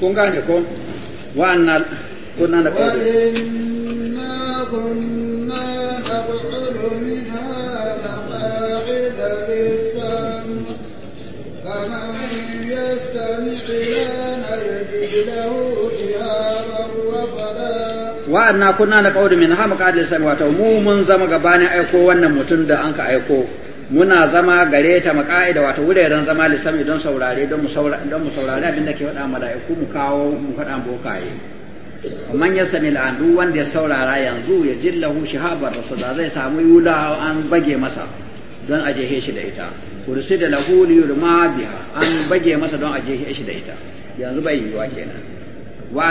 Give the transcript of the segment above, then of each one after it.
kun gane ko wa'anna anna kunna na qulu wa'anna kunna na minha maqa'ida lis na faman yastami' mu mun zama gabanin aiko wannan mutum da an ka aiko muna zama gare ta maka'ida wato wuraren zama lissami don saurare don mu saurari abin da ke faɗa mala'iku mu kawo mu faɗa bokaye amma ya sami al'adu wanda ya saurara yanzu ya jillahu shihabar da zai samu yula an bage masa don a jehe shi da ita kursi da lahu liyurma biya an bage masa don a jehe shi da ita yanzu bai yiwuwa kenan wa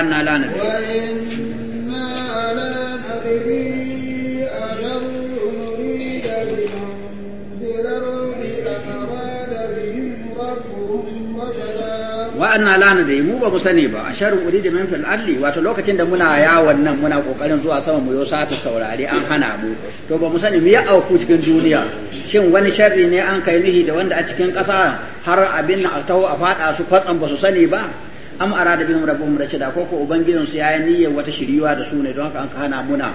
wa anna lana da mu ba mu sani ba asharun uridi min fil alli wato lokacin da muna yawon nan muna kokarin zuwa sama mu yosa ta saurare an hana mu to ba mu sani mu ya auku cikin duniya shin wani sharri ne an kai nuhi da wanda a cikin ƙasa har abin na taho a fada su fatsan ba su sani ba am arada bihum rabbuhum rashida ko ko ubangijin su yayi niyyar wata shiryuwa da su ne don haka an hana muna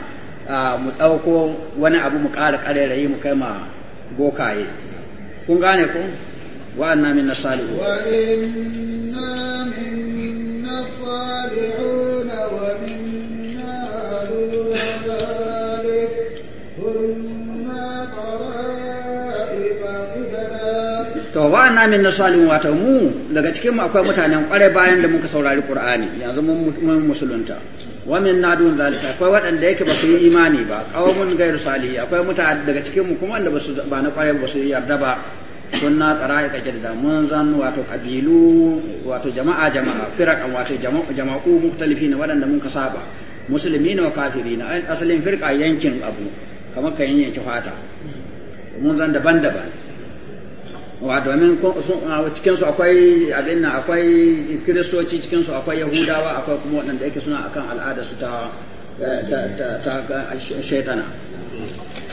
mu dauko wani abu mu ƙara ƙarerayi mu kai ma bokaye kun gane ko وأنا من الصالحون وإنا الصالحون ومنا دون ذلك كنا to wa na min nasalin wata mu daga cikin mu akwai mutanen kware bayan da muka saurari Qur'ani yanzu mun musulunta wa min nadun zalika akwai waɗanda yake ba su yi imani ba qawmun ghairu salihi akwai mutane daga cikin mu kuma wanda ba su ba na kware ba su yarda ba kunna qara'ika jadda mun zan wato kabilu wato jama'a jama'a firaqan wato jama'u mukhtalifin wadanda mun kasaba ne wa kafiri ne asalin firqa yankin abu kamar kan yanke fata mun zan daban-daban wa domin cikin su akwai abin nan akwai kiristoci cikin su akwai yahudawa akwai kuma waɗanda yake suna akan al'ada su ta ta shaitana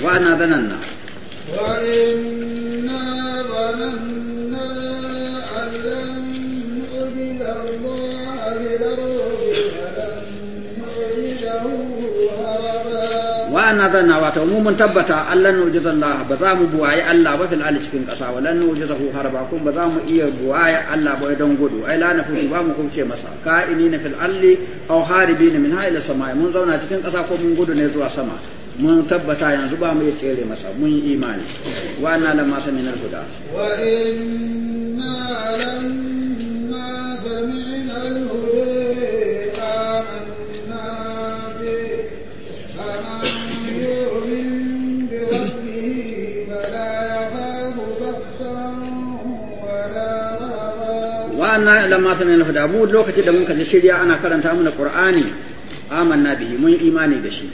wa na zanan na wa wa'anna zanna ta mu mun tabbata Allah ne wajen Allah ba za mu buwaye Allah ba fil ali cikin ƙasa wa lannu wajen zahu harba kuma ba za mu iya buwaye Allah ba dan gudu ai la nafu ba mu kuce masa ka'ini na fil ali aw haribi min ha ila samai mun zauna cikin ƙasa ko mun gudu ne zuwa sama mun tabbata yanzu ba mu iya tsere masa mun yi imani wa na lamma sami'na al guda wa inna lamma sami'na al-huda lamma mu lokacin da mun kaje shirya ana karanta mana qur'ani amanna bihi mun imani da shi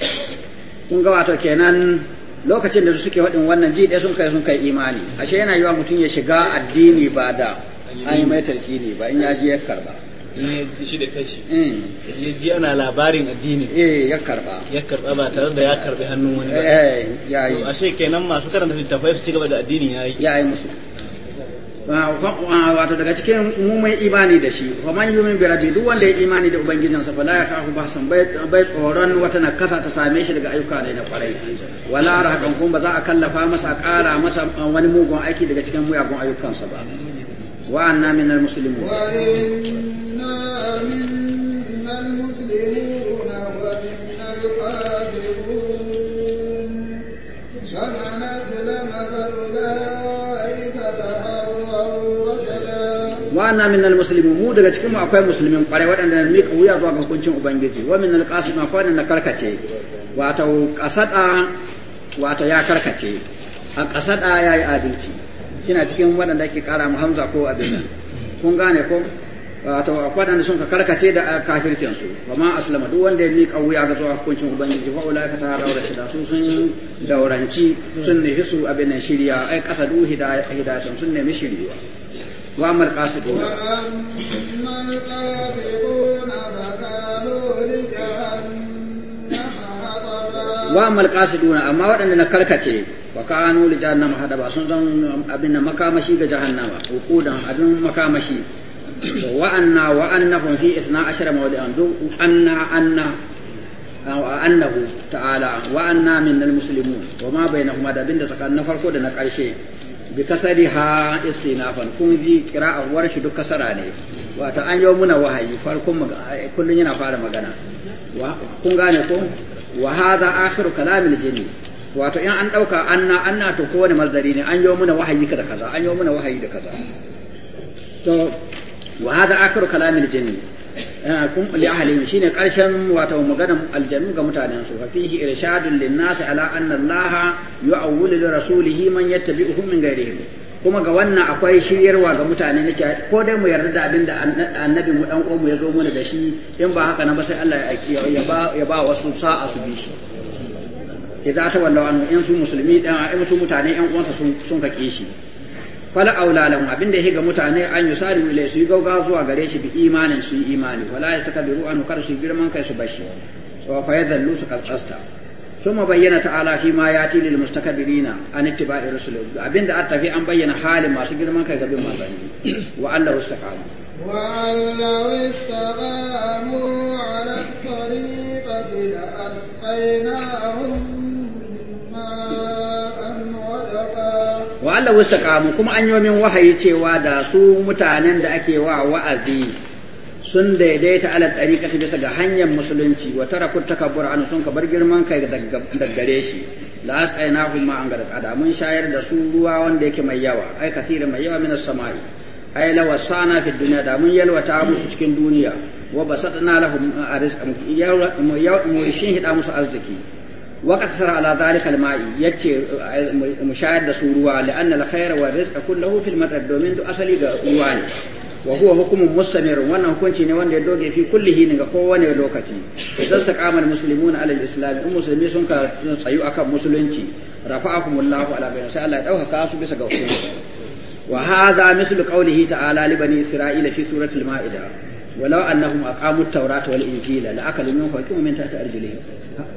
kun ga wato kenan lokacin da suke waɗin wannan ji ɗaya sun kai sun kai imani ashe yana yiwa mutum ya shiga addini ba da an yi mai tarkini ba in ya ji ya karba shi da kanshi mm. ya ji ana labarin addini eh ya karba ya karba ba tare da ya karbi hannun wani ba eh yayi ashe kenan masu karanta littafai su ci gaba da addini yayi yayi musu Ah, ah, wato daga cikin mu imani da shi wa man yumin bi rabbi duk wanda ya imani da ubangijinsa fa la yakhafu bahsan bai tsoron wata nakasa ta same shi daga ayyuka ne na kwarai wala rahakan kun ba za a kallafa masa a ƙara masa wani mugun aiki daga cikin muyagun ayyukansa ba wa anna al wa inna al muslimun wa sanana lana fa wa min al muslimin mu daga cikin mu akwai musulmin kwarai waɗanda na miƙa wuya zuwa ga hukuncin ubangiji wa al qasim akwai na karkace wato kasada wato ya karkace a kasada yayi adalci kina cikin waɗanda ke kara mu hamza ko abin nan kun gane ko wato waɗanda sun ka karkace da kafircin su wa ma aslama duk wanda ya miƙa wuya ga zuwa hukuncin ubangiji fa ulaika ta daura shi da su sun dauranci sun nufi su abin nan shirya ai kasa hidayatun sun nemi shiriwa وأما القاسطون وأما القاسطون فكانوا لجهنم حطبا وأما القاسطون أما وأننا كركتي وكانوا لجهنم حطبا سنزم أبن مكامشي جهنم وقودا أبن مكامشي وأنا وأنهم في إثنا عشر موضعا أنا أنا أنه تعالى وأنا من المسلمون وما بينهما دابين تكن نفرقوا دنا قرشي bikasari ha istinafan kun ji qira'an warshi duk kasara ne wato an yi muna wahayi farkon kullun yana fara magana kun gane ko wa hadha akhiru kalamil jinni wato in an dauka anna anna to kowane mazdari ne an yi muna wahayi kada kaza an yi muna wahayi da kaza to wa hadha akhiru kalamil jinni kun li ahlihim shine karshen wato maganar aljannu ga mutanen su fa fihi irshadun lin nas ala anna allaha yu'awwilu li rasulihi man yattabi'uhu min ghayrihim kuma ga wannan akwai shiryarwa ga mutane na cewa ko dai mu yarda da abin da annabi mu dan mu ya zo mana da shi in ba haka na ba sai Allah ya ba ya ba wasu sa'a su bi shi idan tawallaw in su musulmi dan in su mutane yan uwansa sun sun kake shi fala aulalahum abinda ya ga mutane an yusari ilai su yi gauga zuwa gare shi bi imanin su yi imani wala ya saka bi ru'anu kar su girman kai su bashi wa fa yadallu su kasasta thumma bayyana ta'ala fi ma yati lil mustakabirina an ittiba'i abin da an tafi an bayyana halin masu girman kai ga bin manzanni wa allahu istaqama wa allahu istaqamu ala tariqati la atqaynahum wa Allah kamu kuma an yomin wahayi cewa da su mutanen da ake wa wa'azi sun daidaita ala ta bisa ga hanyar musulunci wa taraku takabbur an sun kabar girman kai da daggare shi la asqainahum ma an gada mun shayar da su ruwa wanda yake mai yawa ai kathira mai yawa minas samai ai la wasana fi dunya da mun yalwata musu cikin duniya wa basatna lahum arzqan mu shin hida musu arziki wa qasara ala zalika alma'i yace mu shayar da su ruwa li'anna alkhayra wa rizqa kulluhu fil madad domin duk asali ga ruwa ne wa huwa hukumun mustamir wannan hukunci ne wanda ya doge fi kulli hin ga kowane lokaci idan sa kamar na ala islam in musulmi sun ka tsayu akan musulunci rafa'akumullahu ala bayan sai Allah ya dauka su bisa ga usul wa hadha mislu qawlihi ta'ala li isra'ila fi suratul ma'ida walau annahum aqamu at-taurata wal injila la akalu min fawqihim min tahti arjulihim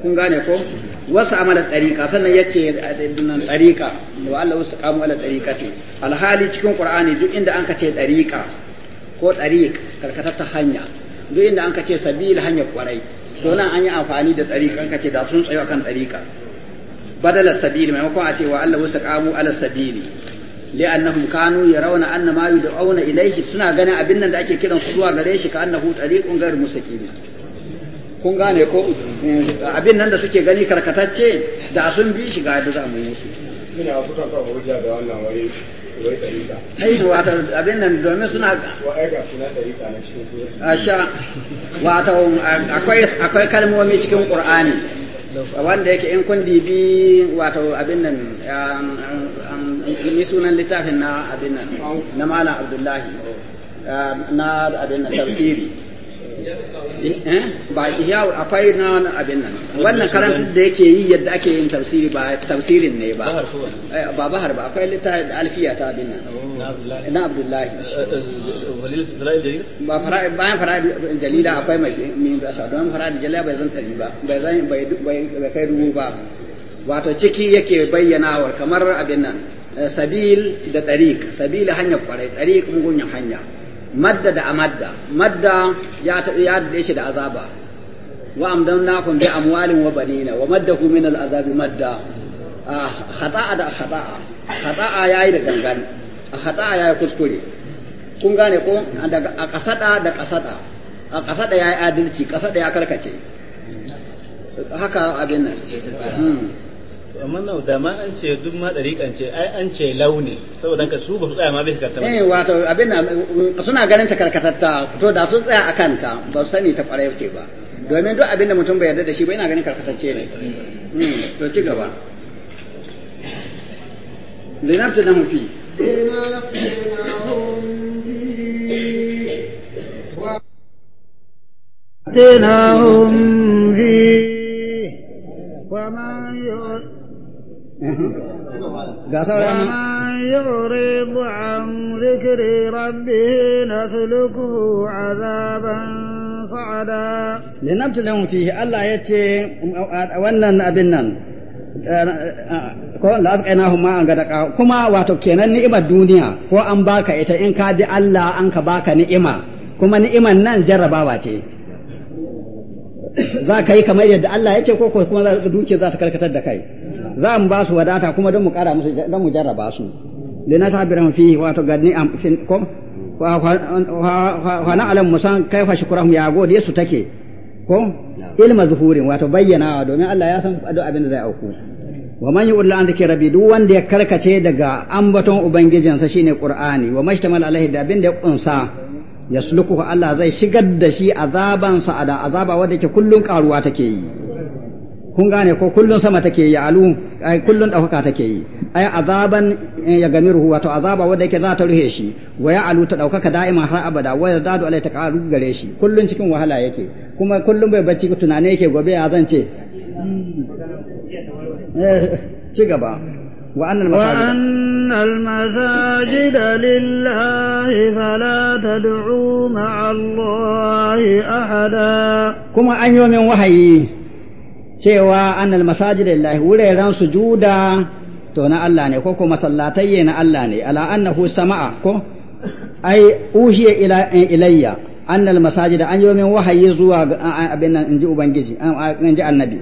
kun gane ko wasu amala tariqa sannan yace dinnan tariqa wa Allah wasu wastaqamu ala tariqati alhali cikin qur'ani duk inda an kace tariqa ko tariq karkatar ta hanya duk inda an kace sabil hanya kwarai to nan an yi amfani da tariqa an kace da sun tsayo akan tariqa badala sabil maimakon a ce wa Allah wasu wastaqamu ala sabili لأنهم كانوا يرون anna ما يدعون إليه suna ganin abin da ake غريش كأنه طريق gare shi kun gane ko abin nan da suke gani karkatacce da sun bi shi da za mu yi da wannan wai ai abin nan domin suna wa suna na cikin a sha wato akwai kalmomi cikin qur'ani wanda yake in kun dibi wato abin nan um, um, um, ni sunan littafin na abin nan na malam abdullahi uh, na abin nan tafsiri Eh? ba ihya'ul afai na wani abin nan wannan karantar da yake yi yadda ake yin tafsiri ba tafsirin ne ba eh, ba bahar ba akwai littafi alfiya ta abin nan na abdullahi eh, ba fara'id bayan fara'id jalila akwai mai min sa don fara'id jalila bai zan tabi ba bai zan bai kai dubu ba wato ciki yake bayyanawar kamar abin nan sabil da tariq sabil hanyar kwarai tariq mugunyan hanya madda da amadda madda ya ya dade shi da azaba wa kun bi amwalin wa banina wa maddahu min al azabi madda ah, khata'a da khata'a khata'a yayi da gangan khata'a yayi kuskure kun gane ko daga a kasada da kasada a kasada yayi adalci kasada ya karkace haka abin nan hmm. kamar nan da ma an ce duk ma ɗariƙan ce ai an ce launi saboda ka su ba su tsaya ma bisa karkata eh wato abin suna ganin ta karkatatta to da sun tsaya akan ta ba su sani ta kwarai ce ba domin duk abin da mutum bai yarda da shi ba yana ganin karkatacce ne hmm, to ci gaba linabta da mufi تنهم فيه وما ga saurani yuribu an zikri rabbihi nasluku azaban sa'ada linabtalahu fihi Allah yace wannan abin nan eh, ko la asqaina huma an gadaka kuma wato kenan ni'imar duniya ko an baka ita in ka Allah an ka baka ni'ima kuma ni'iman nan jarrabawa ce za ka yi kamar yadda Allah ya ce ko kuma dukiya za ta karkatar da kai za mu ba su wadata kuma don mu kara musu don mu jarraba su da ta biran fi wato gadni am fin kom wa na alam musan kaifa shukrahum ya gode su take ko ilma zuhurin wato bayyanawa domin Allah ya san abin da zai auku wa man yu'ul an dhikra rabbi duk wanda ya karkace daga ambaton ubangijinsa shine qur'ani wa mashtamal alaihi da abin da ya kunsa yasluku Allah zai shigar da shi azabansa da azaba wanda ke kullun karuwa take yi kun gane ko kullun sama take yi alu ai kullun ɗaukaka take yi ai azaban eh, ya gami ruhu wato azaba wanda yake za ta ruhe shi Waya alu ta ɗaukaka da'ima har abada Waya ya dadu alai ta ƙaru gare shi kullun cikin wahala yake kuma kullun bai bacci tunane yake gobe ya zan zance eh, ci gaba وأن المساجد وأن المساجد لله فلا تدعوا مع الله أحدا كما أن يوم وحيي cewa annal masajid lillahi wuraren sujuda to na Allah ne ko ko masallatai na Allah ne ala annahu sama'a ko ai uhiya ila ilayya annal masajid an yi min wahayi zuwa abin nan inji ubangiji an ji annabi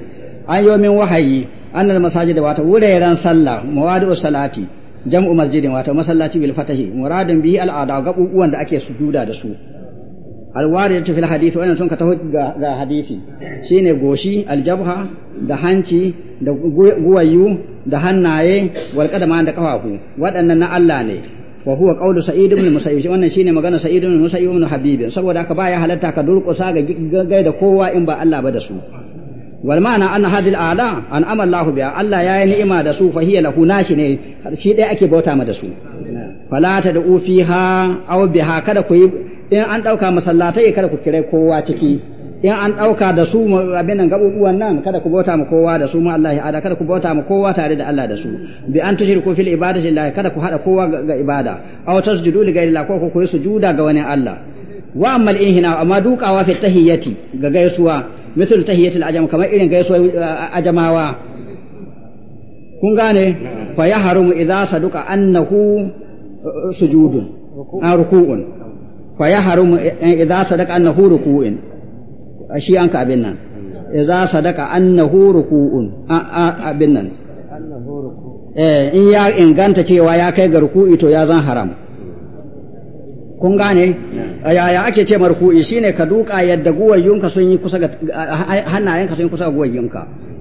an yi min wahayi annal masajid wato wuraren sallah muwadu salati jam'u masjidin wato masallaci bil fatahi muradun bihi al'ada gabubuwan da ake sujuda da su ta fil hadisi wannan sun ka taho ga hadisi shine goshi aljabha da hanci da guwayu da hannaye wal qadama da kafafu waɗannan na Allah ne wa huwa qawlu sa'id ibn musayyib wannan shine magana sa'id ibn musayyib ibn habib saboda haka baya halatta ka durƙusa ga da kowa in ba Allah ba da su wal ma'ana anna hadhihi al'a an amalla Allah biha Allah ya yi ni'ima da su fa hiya lahu nashi ne shi dai ake bauta ma da su fala ta da ufiha aw biha kada ku yi in an ɗauka masallatai kada ku kira kowa ciki in an ɗauka da su abin nan gabubuwan nan kada ku bauta ma kowa da su ma Allah kada ku bauta ma kowa tare da Allah da su bi an tushriku fil ibadati lillahi kada ku hada kowa ga ibada aw tasjudu li ghairi Allah ko ku yi sujuda ga wani Allah wa amma al inhina amma fi tahiyyati ga gaisuwa misal tahiyyatil ajam kamar irin gaisuwa uh, ajamawa kun gane fa haramu idza saduka annahu uh, sujudun ruku'un fa ya harumu eh, eh, idza sadaka annahu ruku'in shi an ka abin nan idza sadaka annahu ruku'un abin nan eh in ya inganta cewa ya kai ga ruku'i to ya zan haram kun gane yaya ake ce marku'i shine ka duka yadda guwayyunka sun yi kusa ga hannayenka sun yi kusa ga guwayyunka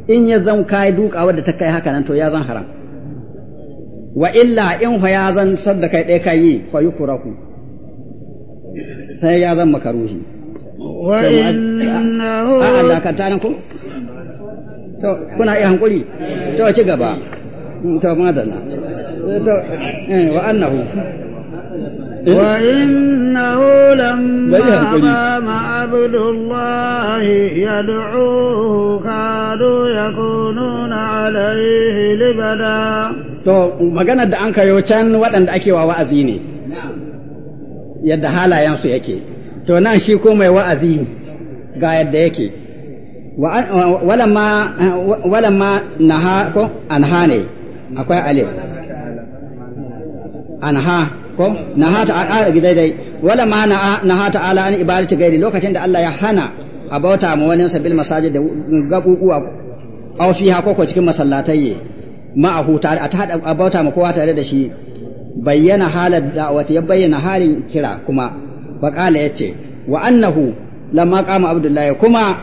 in ya zan kai duka wadda ta kai haka nan to ya zan haram wa illa in fa ya zan sadda kai ɗaya kai fa yukurahu sai ya zan makaruhi a'a dakata nan ko to kuna iya hankuri to ci gaba to madalla to eh wa annahu وإنه لما قام عبد الله يدعوه كادوا يكونون عليه libada. to maganar da an kayo can waɗanda ake wa wa'azi ne yadda halayensu yake to nan shi ko mai wa'azi ga yadda yake walamma ha ko ha ne akwai alif ha ko naha ta'ala daidai walamma naha ta'ala an ibadatu gairi lokacin da Allah ya hana a bauta mu wani sabil masajid da gabubuwa a fiha ko ko cikin masallatai ma a huta a bauta ma kowa tare da shi bayyana halar da'awati ya bayyana halin kira kuma bakala ya ce wa annahu lamma qama abdullahi kuma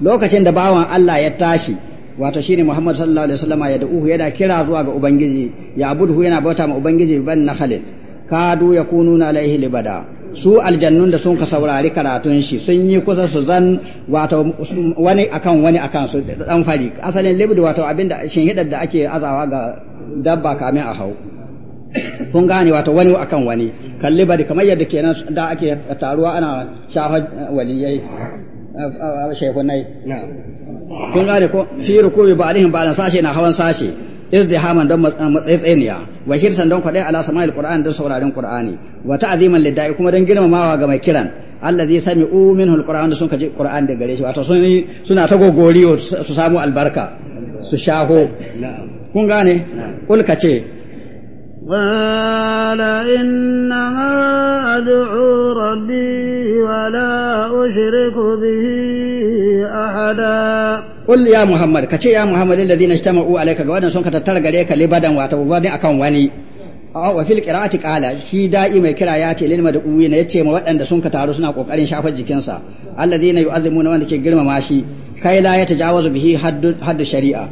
lokacin da bawan Allah ya tashi wato shine Muhammad sallallahu alaihi wasallama ya da'uhu yana kira zuwa ga ubangiji ya abudu yana bauta ma ubangiji ban na khalil kadu yakununa alaihi libada su aljannun da sun ka saurari karatun shi sun yi kusa su zan wato wani akan wani akan su dan fari asalin libdu wato abinda shin hidar da ake azawa ga dabba kamin a hau kun gane wato wani akan wani kalli bari kamar yadda kenan da ake taruwa ana shafa waliyai shekunai kun gane ko fi rukubi ba alihin ba sashe na hawan sashe izdihaman don matsayitsayiniya wa hirsan don kwaɗe ala sama'il qur'an don sauraron qur'ani wa ta'ziman lidda'i kuma don girmamawa ga mai kiran allazi sami'u minhu alquran da sun kaji qur'an da gare shi wato sun suna ta gogoriyo su samu albarka su shaho kun gane kul ce قال إنما أدعو ربي ولا أشرك به أحدا قل يا محمد كتي يا محمد الذين اجتمعوا عليك قوانا سنك تترق لبدا واتبوا أكون واني wa fil qira'ati qala shi da'i mai kira ya ce lil mad'uwi na ya ma waɗanda sun ka taru suna kokarin shafar jikinsa alladheena yu'azzimuna wanda ke girmama shi kai la yatajawazu bihi haddu shari'a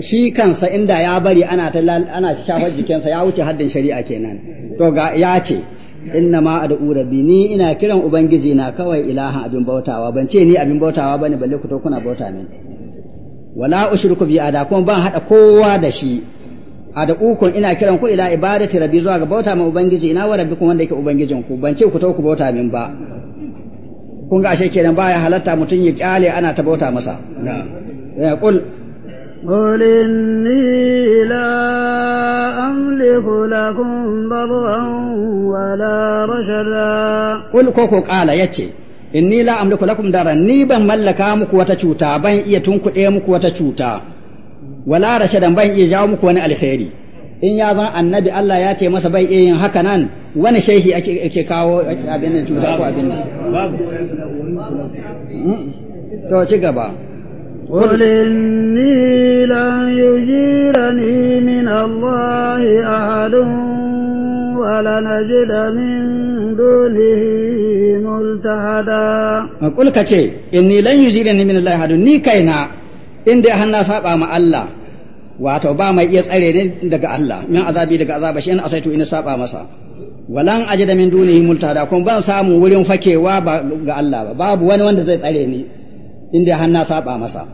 shi kansa inda ya bari ana ta ana shafar jikinsa ya wuce haddin shari'a kenan to ga ya ce inna ma ad'u rabbi ni ina kiran ubangiji na kawai ilahan abin bautawa ban ce ni abin bautawa bane balle ku to kuna bauta ne wala ushriku bi ada kuma ban hada kowa da shi uku ina kiran ku ila ibadati rabbi zuwa ga bauta ma ubangiji ina wa kuma wanda yake ubangijin ku ban ce ku to ku bauta min ba kun ga ashe kenan baya halatta mutun ya kyale ana ta bauta masa na'am eh, qul قل إني لا أملك لكم ضرا ولا رشدا قل كوكو قال يتي inni la amliku lakum daran ni ban mallaka muku wata cuta ban iya tunkuɗe muku wata cuta wala rashadan ban iya jawo muku wani alheri in ya zan annabi Allah ya ce masa bai iya yin haka nan wani shehi ke kawo abin nan cuta ko abin to ci gaba قل إني لن يجيرني من الله أحد ولنجد من دونه ملتحدا قل كتير إني لن يجيرني من الله أحد ني كينا إن دي هنا سابع مع الله wato ba mai iya tsare ne daga Allah min azabi daga azaba shi in asaitu ina saba masa walan da min dunihi da, kuma ban samu wurin fakewa ba ga Allah ba babu wani wanda zai tsare ni inda har na saba masa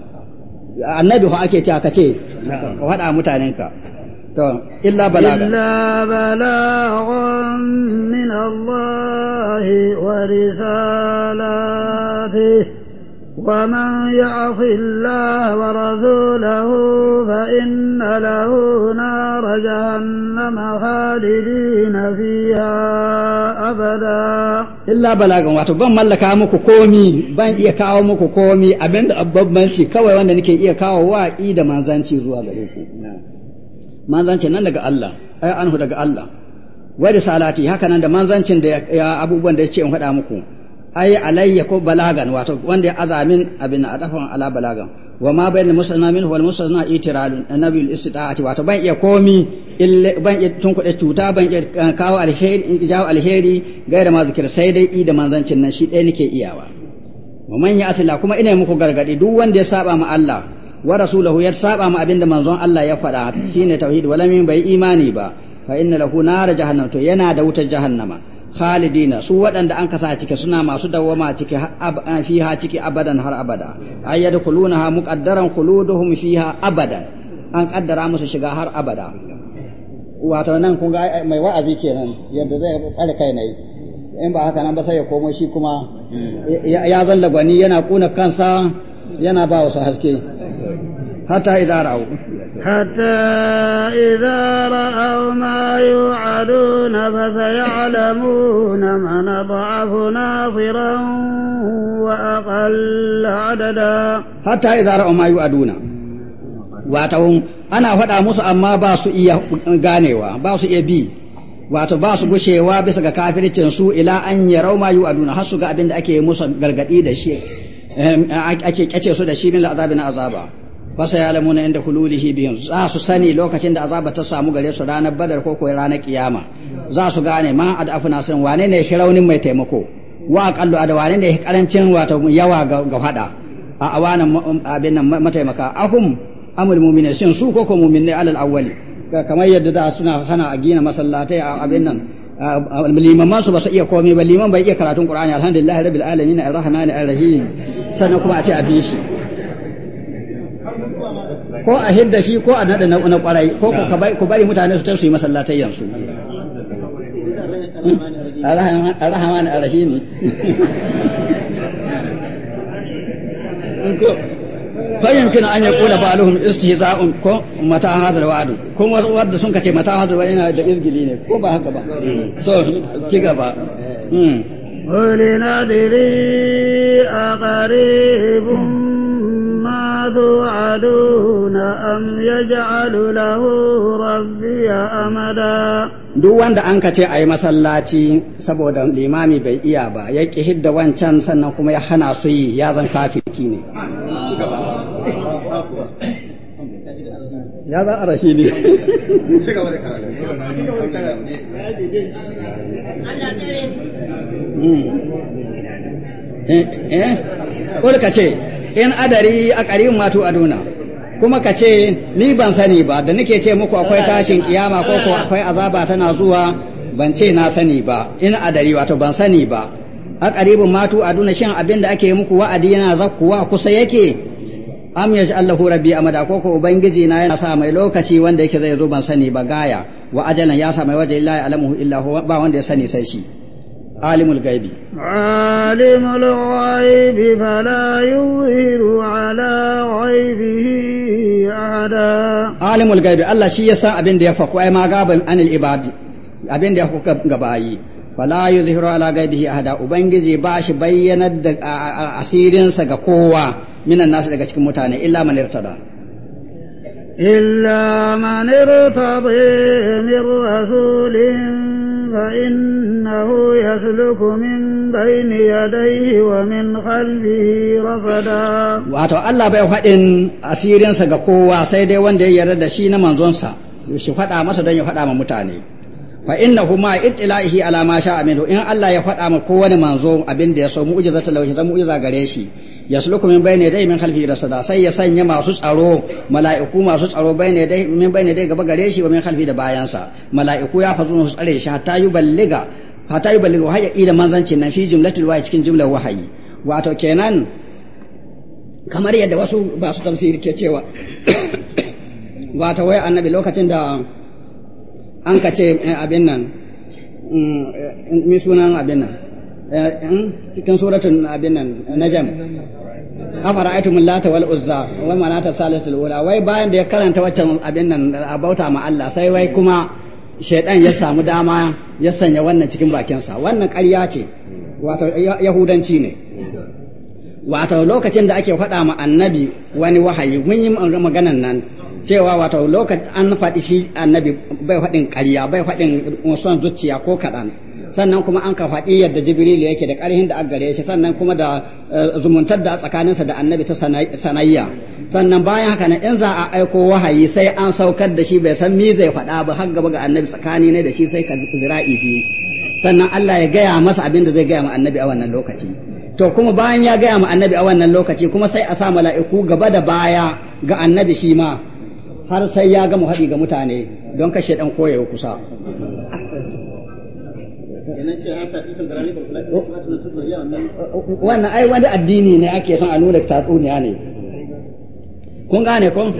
annabi ho ake cewa kace ka faɗa mutanenka to illa balaga illa balagan min Allah wa risalatihi ومن يعص الله ورسوله فإن له نار جهنم خالدين فيها أبدا إلا بلاغا واتو بان ملكا muku komi ban iya kawo muku komi abinda babbanci kawai wanda nake iya kawo wa da manzanci zuwa gare ku manzancin nan daga Allah ai anhu daga Allah wa salati haka nan da manzancin da abubuwan da ya ce in haɗa muku ai alayya ko balagan wato wanda ya azamin abin adafan ala balagan wa ma bayan musanna min wal musanna itiralun nabi al istita'ati wato ban iya komi ban iya kuɗe cuta ban iya eh, kawo alheri jawo alheri gaira ma zikir sai dai i da manzancin nan shi ɗaya nake iyawa wa man ya asila kuma ina muku gargadi duk wanda ya saba ma Allah wa rasulahu ya saba ma abinda manzon Allah ya faɗa shine tauhid wala min bai imani ba fa inna lahu nar jahannam to yana da wutar jahannama khalidina su waɗanda an kasa a ciki suna masu dawama ciki fiha ciki abadan har abada ay yadkhulunaha muqaddaran khuluduhum fiha abadan an kaddara musu shiga har abada wato nan kun ga mai wa'azi kenan yadda zai tsare kai nayi in ba haka nan ba sai ya komo shi kuma ya zalla gwani yana kuna kansa yana ba wasu haske hatta idara'u حتى إذا رأوا ما يوعدون فسيعلمون من أضعف ناصرا وأقل عددا حتى إذا رأوا ما يوعدون wato ana faɗa musu amma ba su iya ganewa ba su iya bi wato ba su gushewa bisa ga kafircin su ila an yarau ma yu'aduna har su ga abin da ake musu gargadi da shi ake kyace su da shi min azabi na azaba fasa ya lamuna inda hululihi biyun za su sani lokacin da azaba ta samu gare su ranar badar ko kuwa ranar kiyama za su gane ma a da afna sun wane ne shi raunin mai taimako wa a aqallu ad wane ne karancin wato yawa ga hada a awanan um, abin nan mataimaka ahum amul mu'minin shin su ko ko mu'minai alal awwali kamar yadda da suna hana a gina masallatai a abin nan limaman su ba su iya komai ba liman bai iya karatun qur'ani alhamdulillah rabbil alamin arrahman arrahim sannan kuma a ce a bi shi ko a hidda shi ko a nada na kwarai ko ku bari mutane su ta su yi masallatai yanzu hmm? arhaman ko fayyan kina an ba ba'aluhum istihza'un ko mata hadal wa'd ko wasu wanda sun kace mata hadal wa'd yana da irgili ne ko ba haka ba so ci gaba قل نذري أقريب توعدون أم يجعل له ربي أمدا duk wanda an ka ce a yi masallaci saboda limami bai iya ba ya ki hidda wancan sannan kuma ya hana su yi ya zan kafirki ne ya za a rashi ne hmm. eh, eh? ka ce in adari a ƙarin a aduna kuma ka ce ni ban sani ba da nake ce muku akwai tashin kiyama ko ko akwai azaba tana zuwa ban ce na sani ba in adari wato ban sani ba a ƙaribin matu aduna shin abin da ake muku wa'adi yana zakkuwa kusa yake am yaj'alahu rabbi amada ko ko ubangiji na yana sa mai lokaci wanda yake zai zo ban sani ba gaya wa ajalan ya sa mai waje illa alamu illa ba wanda ya sani sai shi عالم الغيب عالم الغيب فلا يظهر على غيبه أحدا عالم الغيب الله شي يسا أبين دي فكو أي ما غاب عن العباد أبين دي فكو غبائي فلا يظهر على غيبه أحدا وبنجي باش بينا أسيرين سغا قوة من الناس لغا تكون متاني إلا من ارتضى إلا من ارتضى من رسول فإنه يسلك من بين يديه ومن خلفه رصدا واتو الله بيو فإن أسيرين سققوا سيدي وان دي يرد شين من زنسا يشفتا مسدا يفتا من متاني فإنه ما إطلاعه على ما شاء منه إن الله يفتا من قوان منظوم أبين دي سو مؤجزة لو شتا مؤجزة غريشي yasluku min bayne dai min khalfi rasada sai ya sanya masu tsaro mala'iku masu tsaro bayne dai min bayne dai gaba gare shi wa min khalfi da bayansa mala'iku ya fazu su tsare shi hatta yuballiga hatta yuballiga wahayi ila manzancin nan fi jumlatul wahyi cikin jumlar wahayi wato kenan kamar yadda wasu ba su tafsiri ke cewa wato wai annabi lokacin da an kace eh, abin nan mm, eh, mi sunan abin nan Eh, cikin suratun abin nan najam mun lata wal uzza wa manata thalithatul ula wai bayan da ya karanta waccan abin nan bauta ma Allah sai wai kuma shaidan ya samu dama ya sanya wannan cikin bakinsa wannan ƙarya ce wato yahudanci ne wato lokacin da ake faɗa ma annabi wani wahayi mun yi maganan nan cewa wato lokacin an faɗi shi annabi bai faɗin karya bai faɗin son zuciya ko kaɗan sannan kuma an ka faɗi yadda jibril yake da ƙarhin da aggare shi sannan kuma da eh, zumuntar da tsakaninsa da annabi ta sanayya sannan bayan haka na in za a aiko wahayi sai an saukar da shi bai san mi zai faɗa ba har gaba ga annabi tsakani ne da shi sai ka zira ibi sannan Allah ya gaya masa abin da zai gaya ma annabi a wannan lokaci to kuma bayan ya gaya ma annabi a wannan lokaci kuma sai a sa mala'iku gaba da baya ga annabi shi ma har sai ya gama haɗi ga mutane don kashe ɗan koya kusa. Oh. wannan ai wani addini ne ake son a nuna tatsuniya ne kun gane kun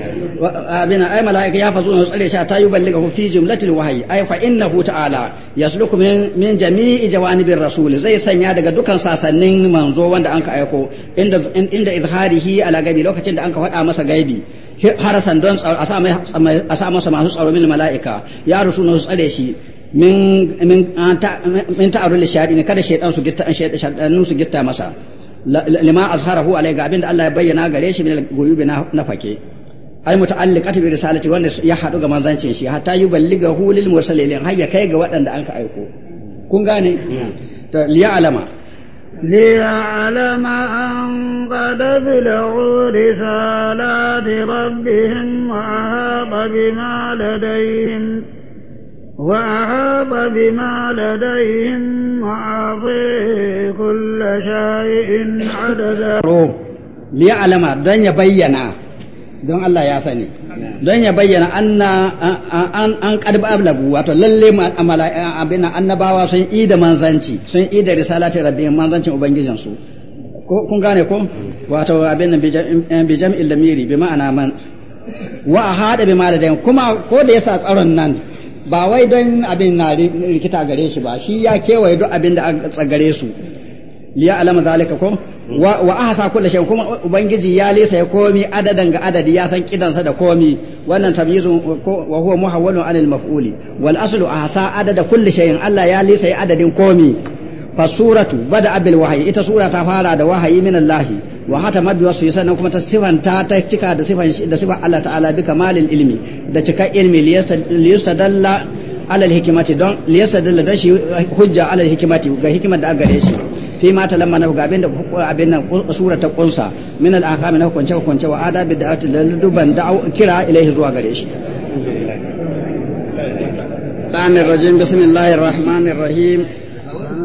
abin ai mala'ika ya fazo na tsare sha ta yi balliga fi jumlatil wahayi ai fa innahu ta'ala yasluku min min jami'i jawanibir rasul zai sanya daga dukan sasannin manzo wanda anka aiko inda inda izharihi ala lokacin da anka faɗa masa gaibi harasan don a sa masa masu tsaro min mala'ika ya rusu na tsare shi min min ah, ta'arul shayadi ne kada shaydan su gitta shaydan su gitta masa lima azharahu alai ga abinda Allah ya bayyana gare shi min guyubi na fake ai muta'alliqati bi risalati wanda ya hadu ga manzancin shi hatta yuballighahu lil mursalin har ya kai ga waɗanda an ka aiko kun gane to liya alama ليعلم أن قد بلغوا رسالات ربهم وأحاط بما لديهم وأحاط بما لديهم وأعطيه كل شيء عددا ليعلم دون يبين دون الله يا سني don ya bayyana an karbi ablagu wato lalle abin annabawa sun yi da manzanci sun yi da risalati rabbi manzancin ubangijinsu kun gane ko wato abin nan bi jam'il lamiri bi ma'ana man wa hada bi maladain kuma ko da yasa tsaron nan ba wai don abin na rikita gare shi ba shi ya kewaye duk abin da an tsagare su liya alama zalika ko wa sa kula shi kuma ubangiji ya lisa ya komi adadan ga adadi ya san kidansa da komi wannan tamyizu wa huwa muhawwalun anil maf'uli wal aslu sa adada kulli shay'in Allah ya lisa ya adadin komi fa suratu bada abil wahyi ita sura ta fara da wahayi min Allah wa hata mabi wasu sannan kuma ta sifanta ta cika da sifan da sifan Allah ta'ala bi kamalil ilmi da cika ilmi liyasta dalla alal hikimati don liyasta dalla don shi hujja alal hikimati ga hikimar da aka shi fi ma ta lamma na ga abin da abin nan sura ta kunsa min al ahkam na kunce kunce wa adabi da duban da kira ilaihi zuwa gare shi الشيطان الرجيم بسم الله الرحمن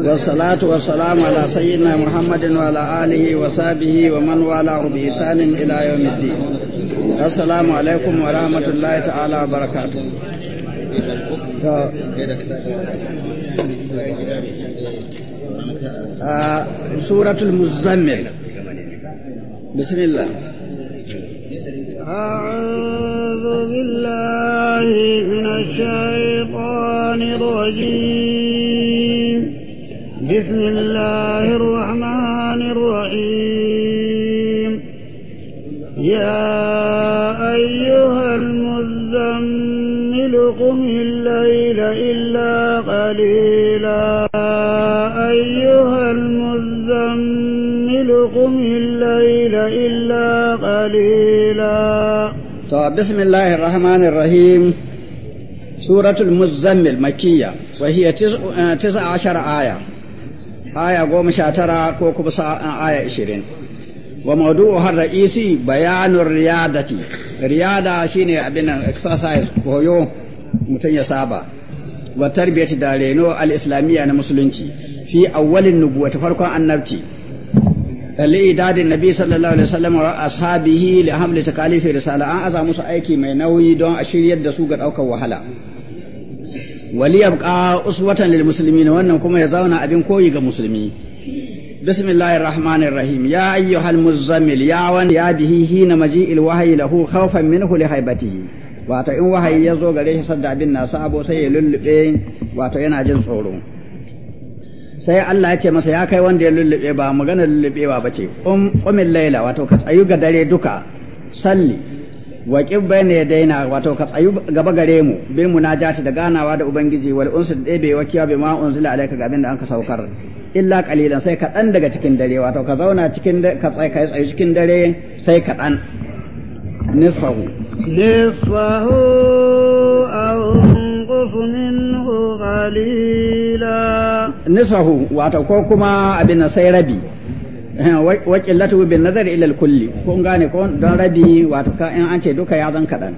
والصلاة والسلام على سيدنا محمد وعلى آله وصحبه ومن والاه بإحسان إلى يوم الدين السلام عليكم ورحمة الله تعالى وبركاته سورة المزمل بسم الله أعوذ بالله من الشيطان الرجيم بسم الله الرحمن الرحيم يا أيها المزمل قم الليل إلا قليلا أيها المزمل قم الليل إلا قليلا بسم الله الرحمن الرحيم سورة المزمل مكية وهي تسع عشر آية aya goma sha tara ko kuma sa aya ishirin wa madu har da isi bayanin riyadati riyada shine abin exercise koyo mutum ya saba wa tarbiyyar da reno al-islamiyya na musulunci fi awwalin nubuwa ta farkon annabci al-idadin nabi sallallahu alaihi wasallam wa ashabihi li ta takalifi risala an aza musu aiki mai nauyi don a shiryar da su ga ɗaukar wahala waliyam ka uswatan lil muslimin wannan kuma ya zauna abin koyi ga musulmi bismillahi rahmani rahim ya ayyuhal muzammil ya wan ya bihi hina maji'il wahyi lahu khawfan minhu li haibatihi wato in wahayi ya zo gare shi sadda na sabo sai ya lullube wato yana jin tsoro sai Allah ya ce masa ya kai wanda ya lullube ba magana lullubewa ba ce um qumil laila wato ka tsayu ga dare duka salli waƙin bai ne daina wato ka tsayu gaba gare mu bil munajati da ganawa da ubangiji wal unsu da ɗebe wakiya bai ma unzila alaika ga abin da anka saukar illa qalilan sai kaɗan daga cikin dare wato ka zauna cikin ka tsayi tsayu cikin dare sai kaɗan nisfahu nisfahu aw unqus minhu qalila nisfahu wato ko kuma abin sai rabi Eh, wa qillatu bin nazar ila al kulli ko gane ko don rabi wato ka in an ce duka ya zan kadan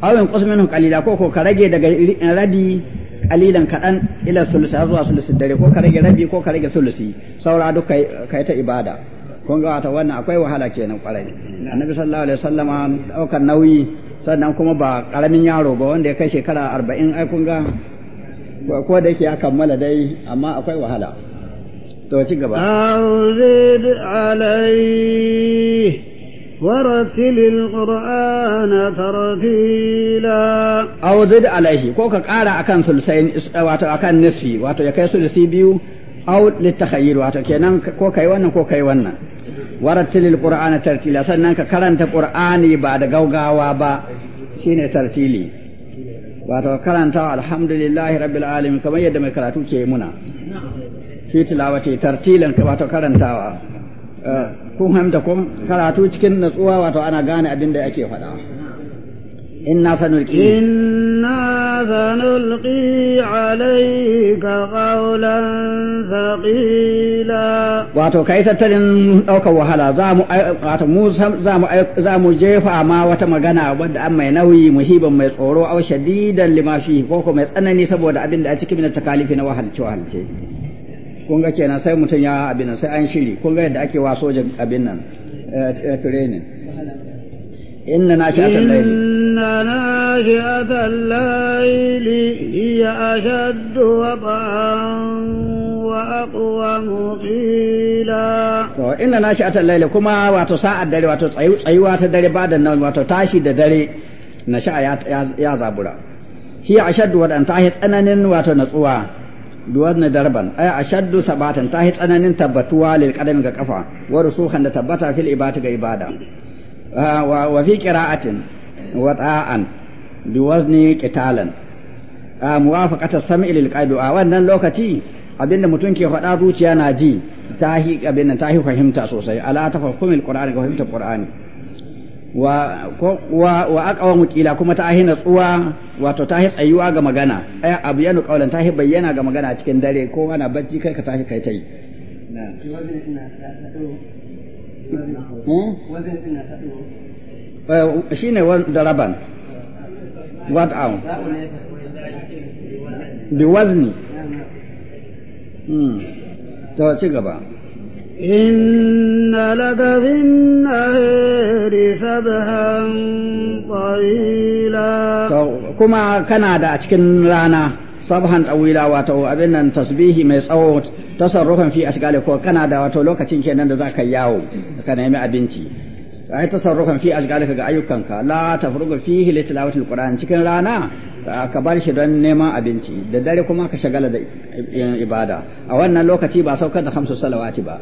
aw in qasmin qalila ko ko ka rage daga rabi qalilan kadan ila sulusa zuwa sulusi dare ko ka rage rabi ko ka rage sulusi saura duka kai ta ibada kun ga wata wannan akwai wahala kenan kwarai annabi sallallahu alaihi wasallama daukar nauyi sannan kuma ba karamin yaro ba wanda ya kai shekara 40 ai kun ga ko da yake ya kammala dai amma akwai wahala to ci gaba anzid alai waratilil qur'ana tartila awzid alaihi ko ka kara akan sulsain wato akan nisfi wato ya kai sulsi biyu au litakhayyir wato kenan ko kai wannan ko kai wannan waratilil qur'ana tartila sannan ka karanta qur'ani ba da gaugawa ba shine tartili wato karanta alhamdulillahi rabbil alamin kamar yadda mai karatu ke muna fi tilawati tartilan wato karantawa eh, kun hamta kun karatu cikin natsuwa wato ana gane abin da ake faɗa inna sanulqi inna sanulqi alayka qawlan thaqila wato kai tattalin dauka wahala za mu wato mu za mu za mu jefa ma wata magana wadda an mai nauyi muhiban mai tsoro au shadidan lima fi ko ko mai tsanani saboda abin da a cikin takalifi na wahalce wahalce kun ga kenan sai mutum ya abin nan sai an shiri kun ga yadda ake wa soja abin nan eh, eh, training inna nashi'atal layli inna nashi'atal layli hiya ashaddu wata'an wa aqwamu mutila to inna atan layli kuma wato sa'ar dare wato tsayuwa ta dare ba da nan wato tashi da dare nasha'a ya zabura hiya ashaddu wata'an ta tsananin wato natsuwa biwadna darban ay ashaddu sabatan ta tsananin tabbatuwa lil qadami ga kafa wa rusuhan da tabbata fil ibada ga ibada wa fi qira'atin wa ta'an biwazni qitalan muwafaqata sam'i lil qalbi a wannan lokaci abinda mutum ke faɗa zuciya na ji ta hi abin ta hi fahimta sosai ala tafahumil qur'ani ga fahimtar qur'ani wa wa aqawamu qila kuma ta ahina tsuwa wato ta tsayuwa ga magana ay abu yanu qaulan ta bayyana ga magana cikin dare ko ana bacci kai ka tashi kai tai eh, shi ne da raban what out bi wazni hmm. to ci gaba إن لك في النهار سبحا طويلا كما كان هذا أتكن رانا sabhan awila wato abin nan tasbihi mai tsawo tasarrufan fi ashgali ko kana da wato lokacin kenan da zaka yawo ka nemi abinci ai tasarrufan fi ashgali ga ayyukan la tafrugu fihi li tilawatil qur'an cikin rana ka bar shi don neman abinci da dare kuma ka shagala da ibada a wannan lokaci ba saukar da hamsu salawati ba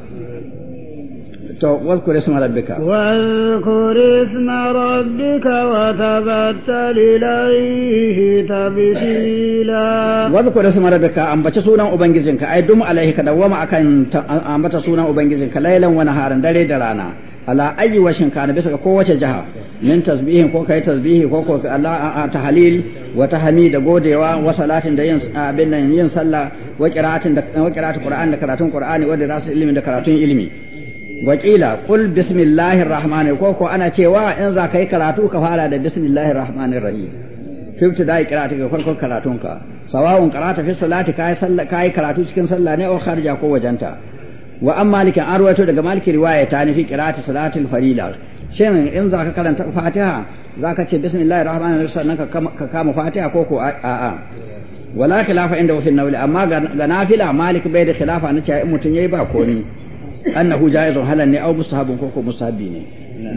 to wazkur isma rabbika wazkur isma rabbika wa tabattal ilayhi tabtila wazkur isma rabbika ambace sunan ubangijinka ai dum alaihi ka dawama akan ambata sunan ubangijinka lailan wa harin dare da rana ala ayi washin kana bisa ga kowace jiha min tasbihin ko kai tasbihi ko ko Allah a tahlil wa tahmid da godewa wa salatin da yin abin nan yin sallah wa qira'atin da wa qira'atu qur'an da karatun qur'ani wa dirasu ilmi da karatun ilmi wa qila qul bismillahir rahmanir ko ko ana cewa in za ka karatu ka fara da bismillahir rahmanir rahim fi ibtida'i qira'ati ga farkon karatunka sawa'un qira'ata fi salati kai sallah kai karatu cikin sallah ne o kharja ko wajenta wa amma malikin an daga maliki riwaya ta fi qira'ati salatil farila shin in za ka karanta fatiha za ka ce bismillahir rahmanir rahim sannan ka kama fatiha ko ko a'a wala khilafa inda fi nawli amma ga nafila malik bai da khilafa na cewa in mutun yayi ba ni. annahu jaizun halan ne aw mustahabun ko ko mustahabi ne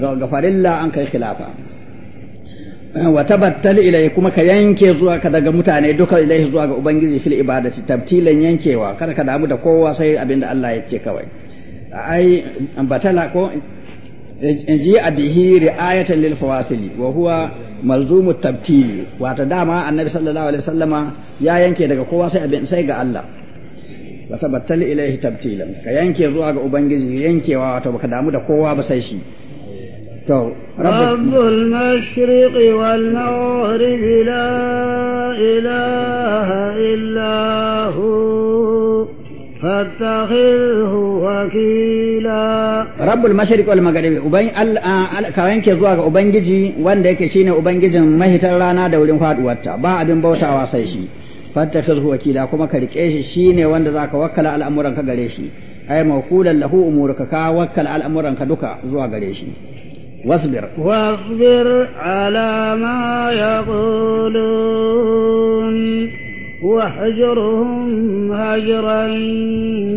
ga farilla an kai khilafa wa tabattali ilai kuma ka yanke zuwa ka daga mutane duka ilayhi zuwa ga ubangiji fil ibadati tabtilan yankewa kada ka damu da kowa sai abinda Allah ya ce kawai ai batala ko ji a bihi ri'ayatan lil fawasili wa huwa malzumu tabtili wata dama annabi sallallahu alaihi wasallama ya yanke daga kowa sai abin sai ga Allah wa tabattali ilaihi tabtilan ka yanke zuwa ga ubangiji yankewa wato baka damu da kowa ba sai shi to rabbul mashriqi wal maghribi la ilaha illa hu فاتخذه وكيلا zuwa ga ubangiji wanda yake shine ubangijin mahitar rana da wurin faduwarta ba abin bautawa sai shi fattakhizhu wakila kuma ka rike shi shine wanda zaka wakkala al'amuran ka gare shi ai ka wakkala al'amuran duka zuwa gare shi واصبر واهجرهم هجرا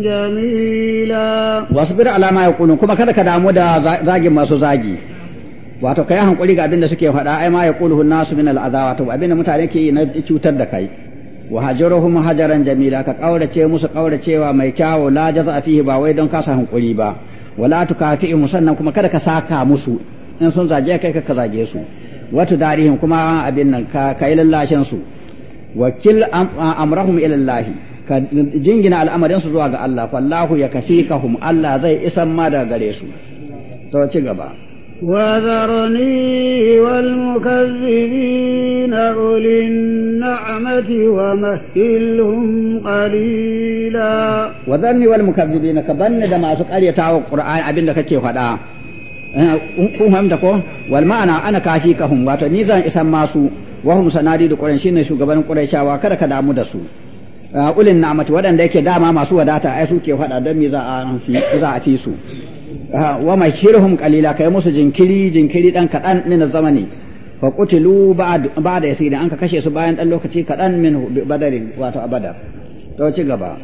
جميلا واصبر على ما يقولون كما كذا كذا مودا زاجي ما سو زاجي wato kai hankuri ga abin da suke faɗa ai ma yaquluhu nasu min al'adha wato abin da mutane ke yi na cutar da kai wa hajaruhum hajaran jamila ka kaurace musu kauracewa mai kyawo la jaza fihi ba wai don kasa hankuri ba wala tukafi musannan kuma kada ka saka musu in sun zage kai ka zage su wato darihim kuma abin nan ka kai lallashin su wakil amrahum ila Allah ka jingina al'amarin su zuwa ga Allah fallahu ya kafikahum Allah zai isan ma daga gare su to ci gaba وذرني والمكذبين أولي النعمة ومهلهم قليلا وذرني والمكذبين كبن دما سكال يتعو القرآن أبين لك كيف هذا kun fahimta ko wal ma'ana ana kafi kahum wato ni zan isa masu wahum sanadi da sanadidu shi ne shugaban quraishawa kada ka damu da su ah, ulin mata waɗanda yake dama masu wadata ai ke faɗa don me za a fi su ah, wa mahirhum qalila kai musu jinkiri jinkiri dan kadan min zamani fa qutilu ba'da yasiri an ka kashe su bayan dan lokaci kaɗan min badarin wato abadar to ci gaba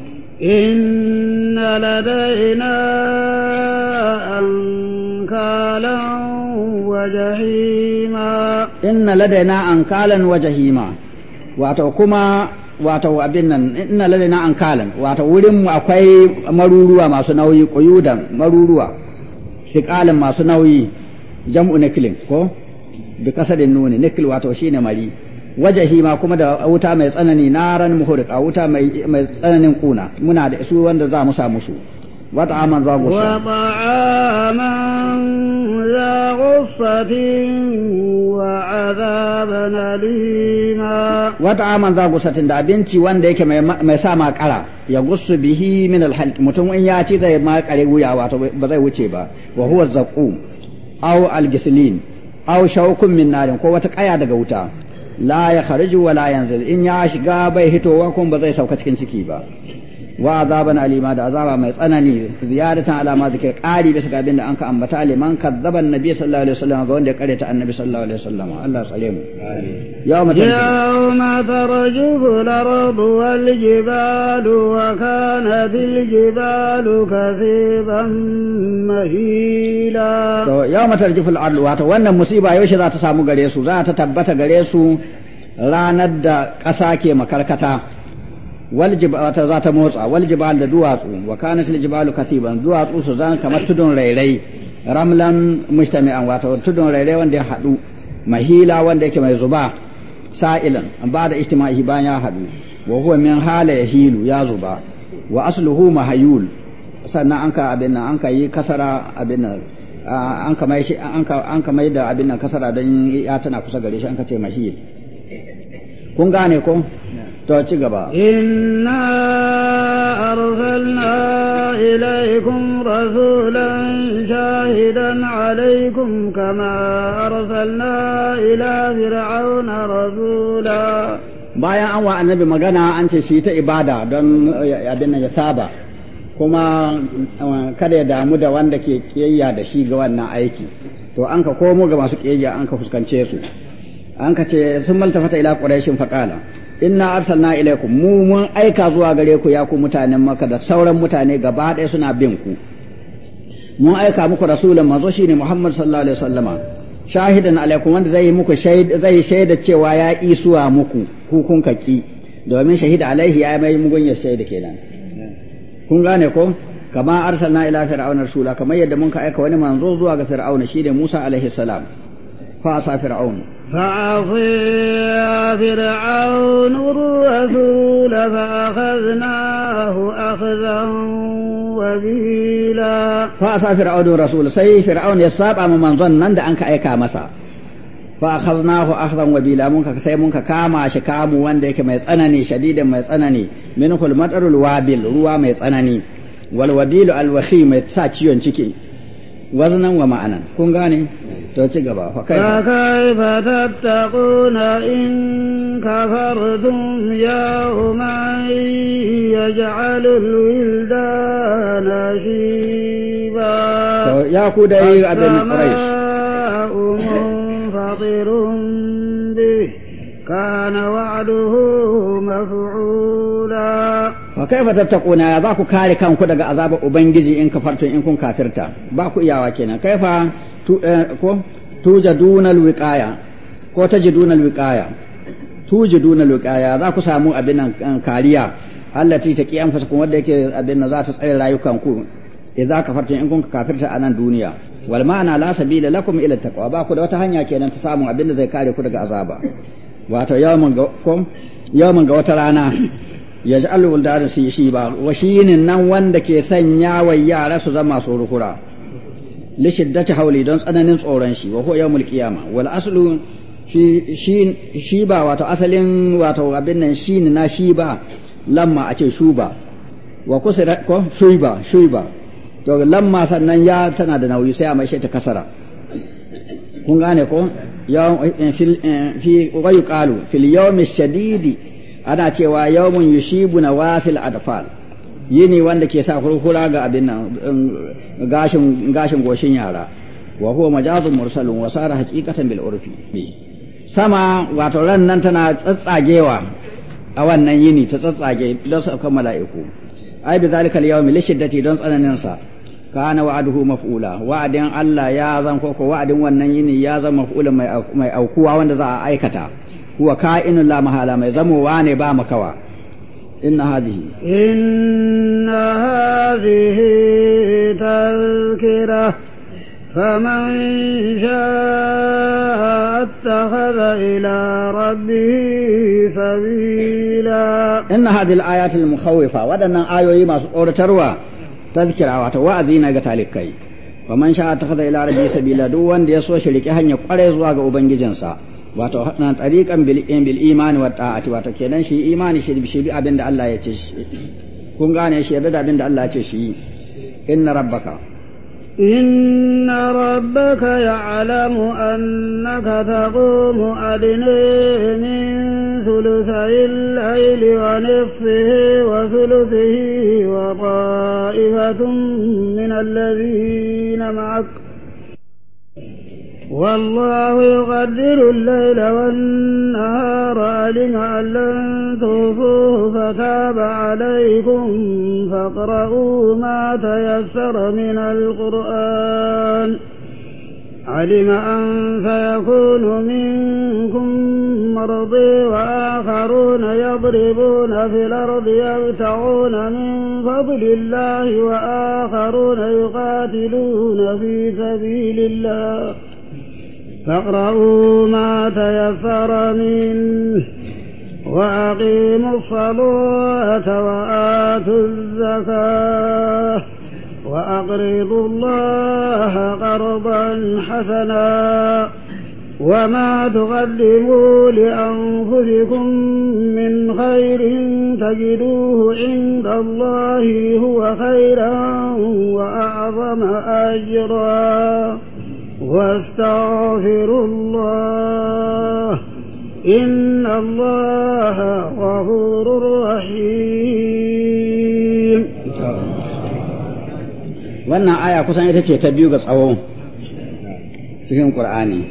إن لدينا أنكالا وجهيما إن لدينا أنكالا وجهيما wato kuma wato abin nan ina ladina an kalan wato wurin mu akwai maruruwa masu nauyi quyudan maruruwa fiqalan masu nauyi jam'u nakilin ko bi kasadin nuni nakil wato shine mari wajahi ma kuma da wuta mai tsanani na ran muhurik a wuta mai tsananin kuna muna da su wanda za mu sa musu wata aman za mu sa wa ta'aman za wa za da abinci wanda yake mai sa ma kara ya gusu bihi min alhalq mutum in ya ci zai ma kare guya ba zai wuce ba wa huwa zaqum aw au aw shawkum min ko wata kaya daga wuta la ya kharaju wa la yanzil in ya shiga bai hitowa kun ba zai sauka cikin ciki ba wa azaban alima da azaba mai tsanani ziyaratan alama zikir ƙari bisa ga abin da an ka ambata aliman kadzaban nabi sallallahu alaihi wasallam ga wanda ya kareta annabi sallallahu alaihi wasallam Allah tsare mu yawma yawma tarjufu al-ard wal jibalu wa kana fil jibalu kasiban mahila to yawma tarjufu al-ard wato wannan musiba yaushe za ta samu gare su za ta tabbata gare su ranar da ƙasa ke makarkata waljibal za ta motsa waljibal da duwatsu wa kanat aljibalu kathiban duwatsu su zan kamar tudun rairai ramlan mujtami'an wato tudun rairai wanda ya hadu mahila wanda yake mai zuba sa'ilan ba da ijtima'i bayan ya hadu wa huwa min hala yahilu ya zuba wa asluhu mahayul sannan an ka abin nan an ka yi kasara abin nan an ka mai an ka mai da abin nan kasara don ya tana kusa gare shi an ka ce mahil kun gane ko to ci gaba inna arsalna ilaykum rasulan shahidan alaykum kama arsalna ila fir'auna rasula bayan an wa annabi magana an ce shi ta ibada don eh, abin ya saba kuma eh, kada ya damu da wanda ke kiyayya da shi ga wannan aiki to an ka komo ga masu kiyayya an ka fuskance su an ka ce sun fata ila quraishin faqala inna arsalna ilaikum mu mun aika zuwa gare ku ya ku mutanen maka da sauran mutane gaba ɗaya suna bin ku mun aika muku rasulun manzo shine muhammad sallallahu alaihi wasallama shahidan alaikum wanda zai muku zai shaida cewa ya isuwa muku ku kun kaki domin shahida alaihi ya mai mugun ya shaida kenan kun gane ko kama arsalna ila fir'auna rasula kamar yadda mun ka aika wani manzo zuwa ga fir'auna shine musa alaihi salam fa asa fir'auna فعصي فرعون الرسول فأخذناه أخذا وبيلا فعصى فرعون الرسول سي فرعون يسابع من ظنن دا أنك أيكا مسا فأخذناه أخذا وبيلا منك سي منك كاما شكامو وان ديك ما يسأنني شديدا ما يسأنني منه المطر الوابل روا ما يسأنني والوبيل الوخيم يتسا تشيون تشكي wazanan wa ma'anan kun gane to ci gaba fa kai fa kaifa tattaquna in kafartum yawman yaj'alu al wilda shiba to ya ku dai abin quraish fatirun bi kana wa'duhu maf'ul fa kaifa tattaquna ya za ku kare kanku daga azabar ubangiji in kafartun in kun kafirta ba ku iyawa kenan kaifa tu eh, ko tujaduna alwiqaya ko tajiduna alwiqaya tujiduna alwiqaya za ku samu abin nan eh, kariya allati taqi anfusakum wanda yake abin nan za ta tsare rayukanku idza kafartum in kun kafirta a nan duniya wal ma'ana la sabila lakum ila taqwa ba ku da wata hanya kenan ta samu abin da zai kare ku daga azaba wato yawmun ga yawman ga wata rana ya ji alul da su shi ba wa shinin nan wanda ke sanya wa yara su zama su rukura li shiddati hauli don tsananin tsoron shi wa huwa yawmul qiyama wal aslu shi shi shi ba wato asalin wato abin nan shin na shi ba lamma a ce shuba wa kusira ko shuba shuba to lamma sannan ya tana da nauyi sai a mai ta kasara kun gane ko ya eh, eh, fi wa yuqalu fil yawmi shadidi ana cewa yawmun yushibu na wasil adfal yini wanda ke sa kurkura ga abin nan um, gashin gashin goshin yara wa huwa majazun mursalun wa sara haqiqatan bil urfi sama wato ran nan tana tsatsagewa a wannan yini ta tsatsage don saukan mala'iku ai bi zalika al yawmi lishiddati don tsananin sa kana wa'aduhu maf'ula wa'adin Allah ya zan koko wa'adin wannan yini ya zama maf'ula mai aukuwa wanda za a aikata Kuwa kawa inu lamahala mai zamowa ne ba makawa. Inna hadu da Inna hadu da yi taskira ila Rabi Sabila. Inna hadu da yi la'aya waɗannan ayoyi masu koratarwa taskirawa ta wa'azi na ga talikai Kamansha ta faɗa ila Rabi Sabila duk wanda ya so shirke hanyar kwarai zuwa ga ubangijinsa wato na tariqan bil eh, bil imani wa ta'ati wato kenan shi imani shi bi abinda Allah ya ce shi kun gane shi yadda abinda Allah ya ce shi inna rabbaka إن ربك يعلم أنك تقوم أدنيه من ثلثي الليل ونصفه وثلثه وطائفة من الذين معك والله يقدر الليل والنهار علم أن لن توفوه فتاب عليكم فاقرؤوا ما تيسر من القرآن علم أن سيكون منكم مرضي وآخرون يضربون في الأرض يبتغون من فضل الله وآخرون يقاتلون في سبيل الله فاقرؤوا ما تيسر منه وأقيموا الصلاة وآتوا الزكاة وأقرضوا الله قرضا حسنا وما تقدموا لأنفسكم من خير تجدوه عند الله هو خيرا وأعظم أجرا واستغفروا الله إن الله غفور رحيم wannan aya kusan ita ce ta biyu ga tsawo cikin ƙur'ani.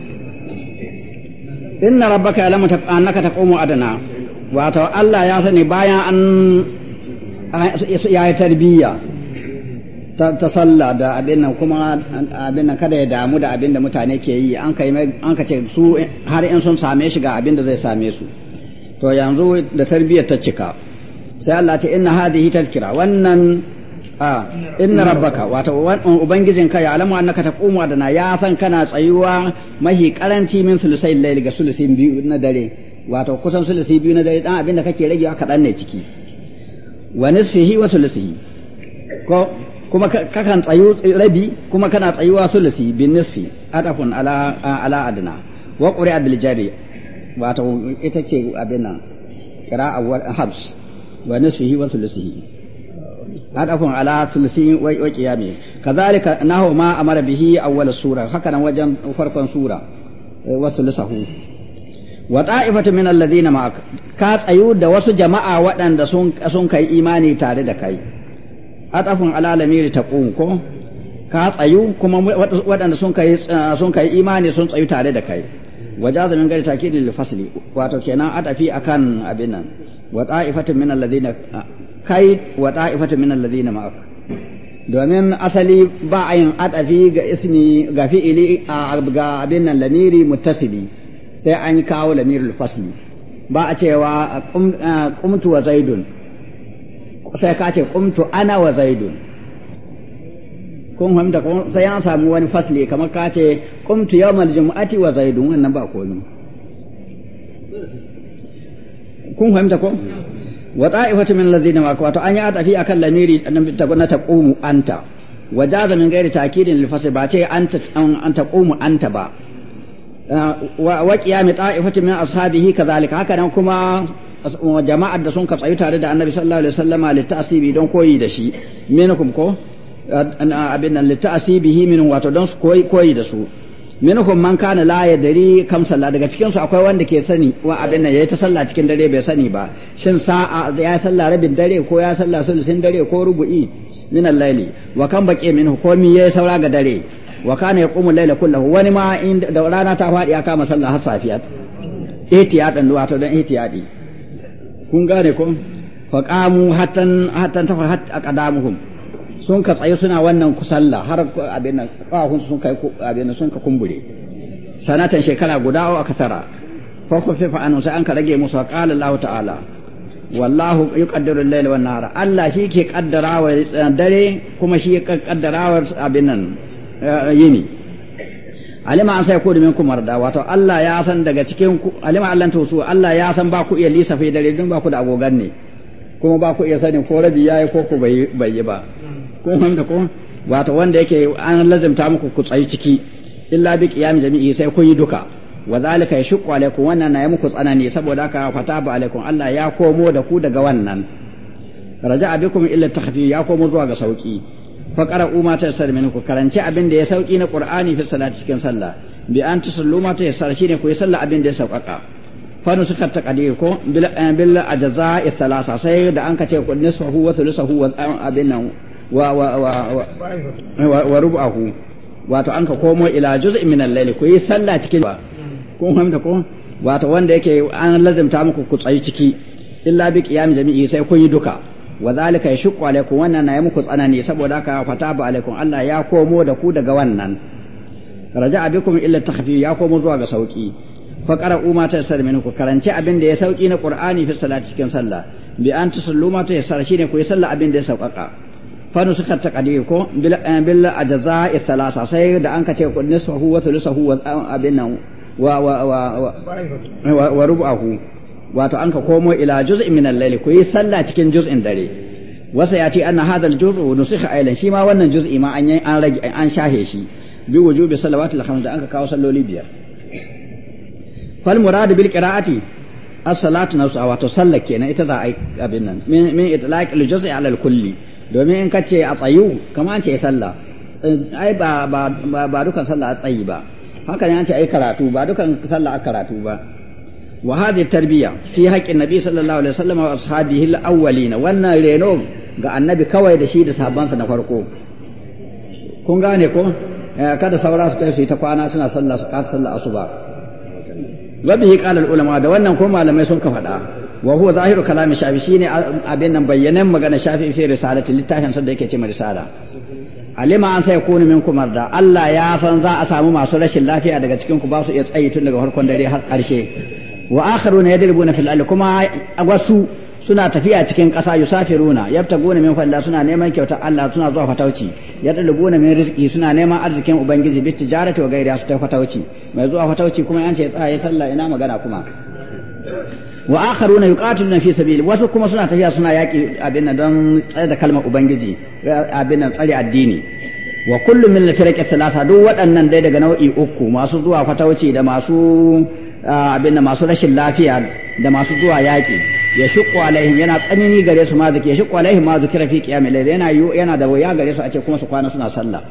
inna rabbaka ya'lamu annaka taqumu adana wato Allah ya sani bayan an ya yi tarbiyya ta sallah da abin nan kuma abin nan kada ya damu da abin da mutane ke yi an ka ce su har in sun same shi ga abin da zai same su to yanzu da tarbiyyar ta cika sai Allah ce inna hadhihi tadhkira wannan a inna rabbaka wato ka ya alamu annaka da na ya san kana tsayuwa mahi karanci min sulusai layl ga sulusin biyu na dare wato kusan sulusi biyu na dare dan abin da kake rage kaɗan ne ciki wa nisfihi wa sulusihi ko kuma kakan tsayu rabi kuma kana tsayuwa sulusi bin nisfi adafun ala ala adna wa bil jari wato ita ce abin nan qira'a habs wa nisfihi wa adafun ala wa qiyami kadhalika nahu ma amara bihi awwal sura haka nan wajen farkon sura eh, wa wa ta'ifatu min alladhina ka tsayu da wasu jama'a waɗanda sun sun kai imani tare da kai atafun ala lamiri taqum ko ka tsayu kuma waɗanda uh, sun kai imani sun tsayu tare da kai wajaza zamin gari takidi da fasili wato kenan atafi akan abin nan wata ifatin min alladhina uh, kai wata ifatin min alladhina ma'ak domin asali ba a yin atafi ga ismi ga fi'ili ga abin nan lamiri muttasili sai an kawo lamiri fasili ba a cewa uh, qumtu wa zaidun sai ka ce kumtu ana wa zaidun kun fahimta ko sai an samu wani fasli kamar ka ce kumtu yawmal jumu'ati wa zaidun wannan ba komai kun fahimta ko wa ta'ifatu min alladhina ma wato an yi atafi akan lamiri na taqumu anta wa jaza min ghairi ta'kidin lil fasl ba ce anta an taqumu anta ba uh, wa qiyam ta'ifatu min ashabihi kadhalika haka nan kuma jama'ar da sun ka tsayu tare da annabi sallallahu alaihi wasallama litasibi don koyi da shi minkum ko abin nan litta'sibihi min wato don su koyi koyi da su minhum man kana la yadri kam sallah daga cikin su akwai wanda ke sani wa abin nan yayi ta sallah cikin dare bai sani ba shin sa'a ya sallah rabin dare ko ya sallah sulusin dare ko rubu'i min al-laili wa kan baqi min ko mi yayi saura ga dare wa kana yaqumu al-laila kullahu wani ma in da rana ta fadi aka kama sallah har safiya ihtiyadan wato dan ihtiyadi kun gane ko faqamu hatan hatan tafa hat aqdamuhum sun ka tsaye suna wannan kusalla har abin nan kafafun sun kai abin nan sun ka kumbure sanatan shekara guda a katara fa khufifa anhu sai an ka rage musu qala Allah ta'ala wallahu yuqaddiru al-layla wan nahara Allah shi ke kaddarawa dare kuma shi ke kaddarawa abin nan eh, yini alima an sai ku da minkum marda wato Allah ya san daga cikin ku alima Allah ta Allah ya san ba ku iya lissafi dare don ba ku da agogan ne kuma ba ku iya sanin ko rabi yayi ko ku bai bai yi ba kun ko wato wanda yake an lazimta muku ku tsayi ciki illa bi qiyam jami'i sai kun yi duka wa zalika yashqu alaikum wannan na yi muku tsanani saboda haka fataba alaikum Allah ya komo da ku daga wannan raja'a bikum illa takhfi ya komo zuwa ga sauki fa qara'u ma tayassara min ku karanci abin da ya sauƙi na qur'ani fi salati cikin sallah bi an ta salluma tusallu ma shi ne ku yi sallah abin da ya sauƙaƙa fa nusukat taqdir ko bil bil ajza'i thalatha sai da an ka ce ku nisfahu wa thuluthahu wa abin nan wa wa wa wa rubahu wato an ka komo ila juz'in min al-layl ku yi sallah cikin kun fahimta ko wato wanda yake an lazimta muku ku tsayi ciki illa bi qiyam jami'i sai kun yi duka wa zalika yashqu alaikum wannan na yi muku tsanani saboda haka fataba alaikum Allah ya komo da ku daga wannan Raja bikum illa takhfi ya komo zuwa ga sauki fa qara'u ma tayassar ku karanci abin da ya sauki na qur'ani fi salati cikin sallah bi an tusallu ma tayassar shine ku yi sallah abin da ya saukaka fa nusukha taqdir ko bil eh, bil ajza'i thalatha sai da an kace nisfahu wa thuluthahu wa eh, abin nan wa wa wa wa rubu'ahu wato an ka komo ila juz'in min al ku yi sallah cikin juz'in dare wasa ya ce anna hadha al-juz'u nusikha ailan shi ma wannan juz'i ma an an rage an shahe shi bi wujubi salawatil khams da an ka kawo salloli biyar fal murad bil qira'ati as-salatu nafsa wato sallah kenan ita za a yi abin nan min itlaq al-juz'i ala al-kulli domin in kace a tsayu kama an ce sallah eh, ai ba ba ba dukan sallah a tsayi ba haka ne an ce ai karatu ba dukan sallah a karatu ba وهذه التربية في حق النبي صلى الله عليه وسلم وأصحابه الأولين وأن رينو ga annabi kawai da shi da sahabbansa na farko kun gane ko kada saura su tafi ta kwana suna sallah kasa sallah asuba wa bihi qala al ulama da wannan ko malamai sun ka faɗa wa huwa zahiru kalam shafi shi ne abin nan bayyanan magana shafi fi risalati littafin sa da yake ma risala alima an sai kunu minkum marda Allah ya san za a samu masu rashin lafiya daga cikin ba su iya tsayi tun daga farkon dare har ƙarshe wa akharuna yadribuna fil ardi kuma wasu suna tafiya cikin ƙasa yusafiruna yabtaguna min fadla suna neman kyautar Allah suna zuwa fatauci yadlubuna min rizqi suna neman arzikin ubangiji bi tijarati wa gairiya su ta fatauci mai zuwa fatauci kuma yan ce tsaya sallah ina magana kuma wa akharuna yuqatiluna fi sabil wasu kuma suna tafiya suna yaki abin nan don tsare da kalmar ubangiji abin nan tsare addini wa kullu min al-firaq duk waɗannan dai daga nau'i uku masu zuwa fatauci da masu abin da masu rashin lafiya da masu zuwa yaƙi ya shuqqu alaihim yana tsanani gare su ma zuke ya shuqqu alaihim ma yana yana da waya gare su a ce kuma su kwana suna sallah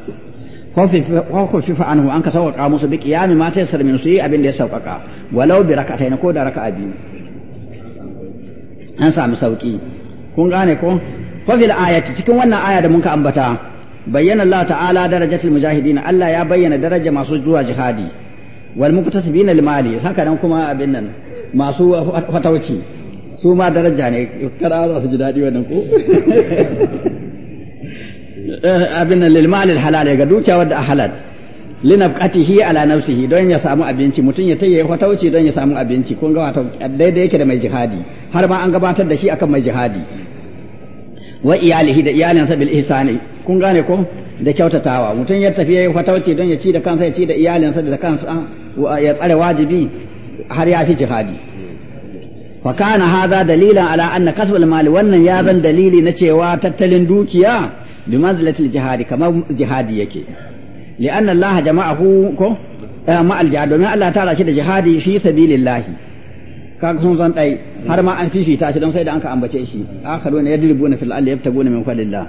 khaffifa anhu an ka sauƙaƙa musu bi ƙiyami ma tayassar min su yi abin da ya sauƙaƙa walau bi na ko da a biyu an sami sauƙi kun gane ko fa ayati cikin wannan aya da mun ka ambata bayyana Allah ta'ala darajatul mujahidin Allah ya bayyana daraja masu zuwa jihadi wal muktasibina lil mali haka nan kuma abin nan masu fatauci su ma daraja ne kada za su ji daɗi wannan ko abin nan lil mali halal ga dukiya wadda halal linafqatihi ala nafsihi don ya samu abinci mutum ya tayi fatauci don ya samu abinci kun ga wato daidai yake da mai jihadi har ma an gabatar da shi akan mai jihadi wa iyalihi da iyalinsa bil ihsani kun gane ko da kyautatawa mutum ya tafi yayi fatauci don ya ci da kansa ya ci da iyalinsa da kansa ya tsare wajibi har ya fi jihadi fa kana hadha dalilan ala anna kasbul mali wannan ya zan dalili na cewa tattalin dukiya bi manzilatil jihadi kamar jihadi yake li anna allaha jama'ahu ko eh, ma al jihad domin Allah ta rashi da jihadi fi sabilillahi Ka sun zan dai har ma an fifita shi don sai da an ka ambace shi akharuna yadribuna fil ardi yabtaguna min fadlillah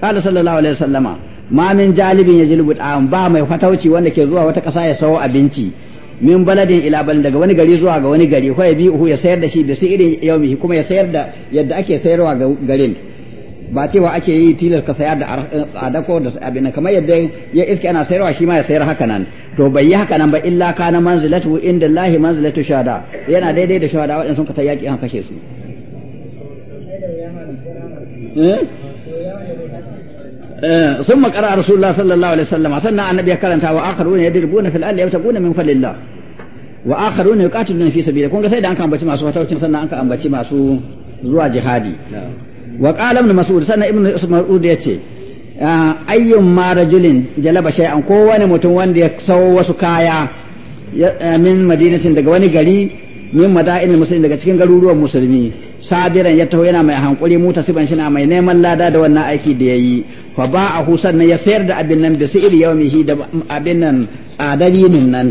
qala sallallahu alaihi wasallama ma min jalibin yajlibu ta'am ba mai fatauci wanda ke zuwa wata ƙasa ya sawo abinci min baladin ila balin daga wani gari zuwa ga wani gari ko ya ya sayar da shi da su irin yaumihi kuma ya sayar da yadda ake sayarwa ga garin ba cewa ake yi tilas ka sayar da adako da abin kamar yadda ya iske ana sayarwa shi ma ya sayar haka nan to bai yi haka nan ba illa kana manzilatu inda lahi manzilatu shada yana daidai da shada waɗanda sun ka ta yaƙi an kashe su eh? ثم قرأ رسول الله صلى الله عليه وسلم سنة النبي كرنتا وآخرون يضربون في الأرض يبتغون من فضل الله وآخرون يقاتلون في سبيله كون سيدا أنك أنبتي ماسو وتوتين سنة أنك أنبتي ماسو زوا جهادي وقال ابن مسعود سنة ابن مسعود يتي أيما رجل جلب شيئا كون متون وندي سو وسكايا من مدينة دغواني غري min mada'in musulmi daga cikin garuruwan musulmi sabiran ya taho yana mai hankuri mu tasiban shi na mai neman lada da wannan aiki da yayi fa ba'ahu sannan ya sayar da abin nan bi sa'ir yawmihi da abin nan tsadarinin nan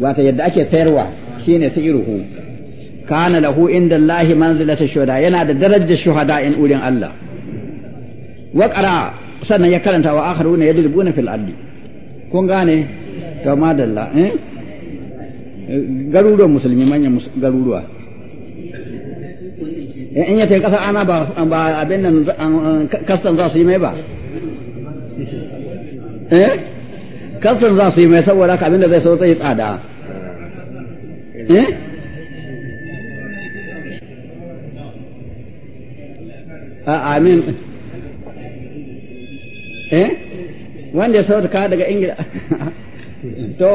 wata yadda ake sayarwa shine sa'iruhu kana lahu inda Allah manzilata shuhada yana da darajar shuhada in urin Allah wa qara sannan ya karanta wa akharuna yadribuna fil ardi kun gane to madalla eh garuruwan musulmi manyan garuruwa eh, in ya kasar ana ba abin nan kasan za su yi mai ba eh kasan za su yi mai saboda ka abin da zai so zai tsada eh amin eh wanda ya sauka daga ingila to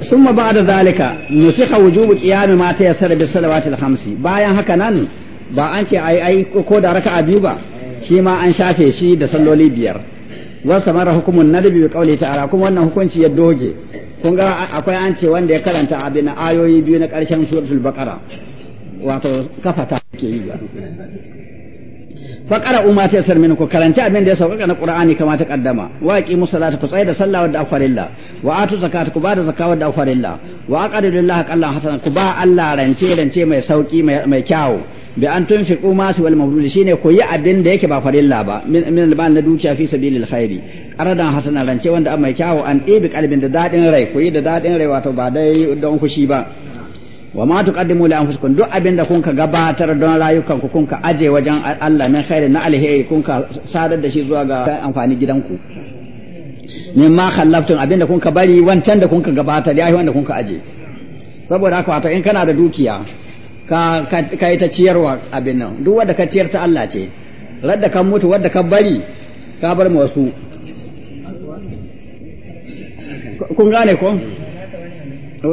ثم بعد ذلك نسخ وجوب قيام ما تيسر بالصلوات الخمس bayan haka nan ba an ce ai ai ko da raka'a biyu ba shi ma an shafe shi da salloli biyar wal samara hukumun nadbi bi qawli ta'ala kuma wannan hukunci ya doge kun ga akwai an ce wanda ya karanta abin ayoyi biyu na karshen suratul baqara wato kafata ke yi faqara umma ta yasar min ku karanci abin da ya sauƙaƙa na qur'ani kama ta kaddama wa aqimu salata ku da sallah wadda akwarilla wa atu zakata ku bada zakata wadda akwarilla wa aqadu lillahi qallan hasana ku ba Allah rance rance mai sauki mai kyawu bi an tunfiqu ma su wal mawlud shine kuyi yi abin da yake ba farilla ba min alban na dukiya fi sabilil khairi qaradan hasana rance wanda mai kyawu an ibi kalbin da dadin rai kuyi yi da dadin rai wato ba dai don kushi ba wa ma tuqaddimu li anfusikum duk abinda kun ka gabatar don rayukan ku kun ka aje wajen Allah min khairin na alheri kun ka sadar da shi zuwa ga amfani gidanku ma khallaftum abinda kun ka bari wancan da kun ka gabatar yayi wanda kun ka aje saboda haka wato in kana da dukiya ka ka yi ta ciyarwa abin nan duk wanda ka ciyar ta Allah ce radda kan mutu wanda ka bari ka bar mu wasu kun gane ko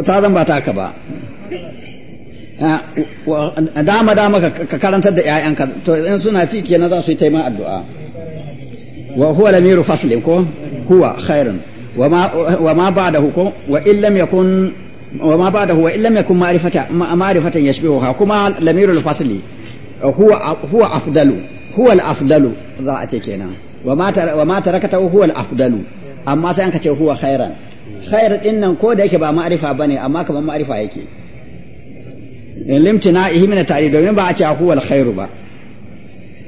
ta zan ba ta ka ba Ah, dama dama ka karanta da ƴaƴanka to in suna ci kenan za su yi taima addu'a wa huwa lamiru faslin ko huwa khairun wa ma ba ko wa in yakun wa ma ba'dahu wa in yakun ma'rifata ma'rifatan yashbihuha kuma lamiru fasli huwa huwa afdalu huwa al-afdalu za a ce kenan wa ma wa ma tarakata huwa al-afdalu amma sai an ka ce huwa khairan khair din nan ko da yake ba ma'rifa bane amma kamar ma'rifa yake limtina'ihi min at-ta'rif domin ba a ce huwa al-khairu ba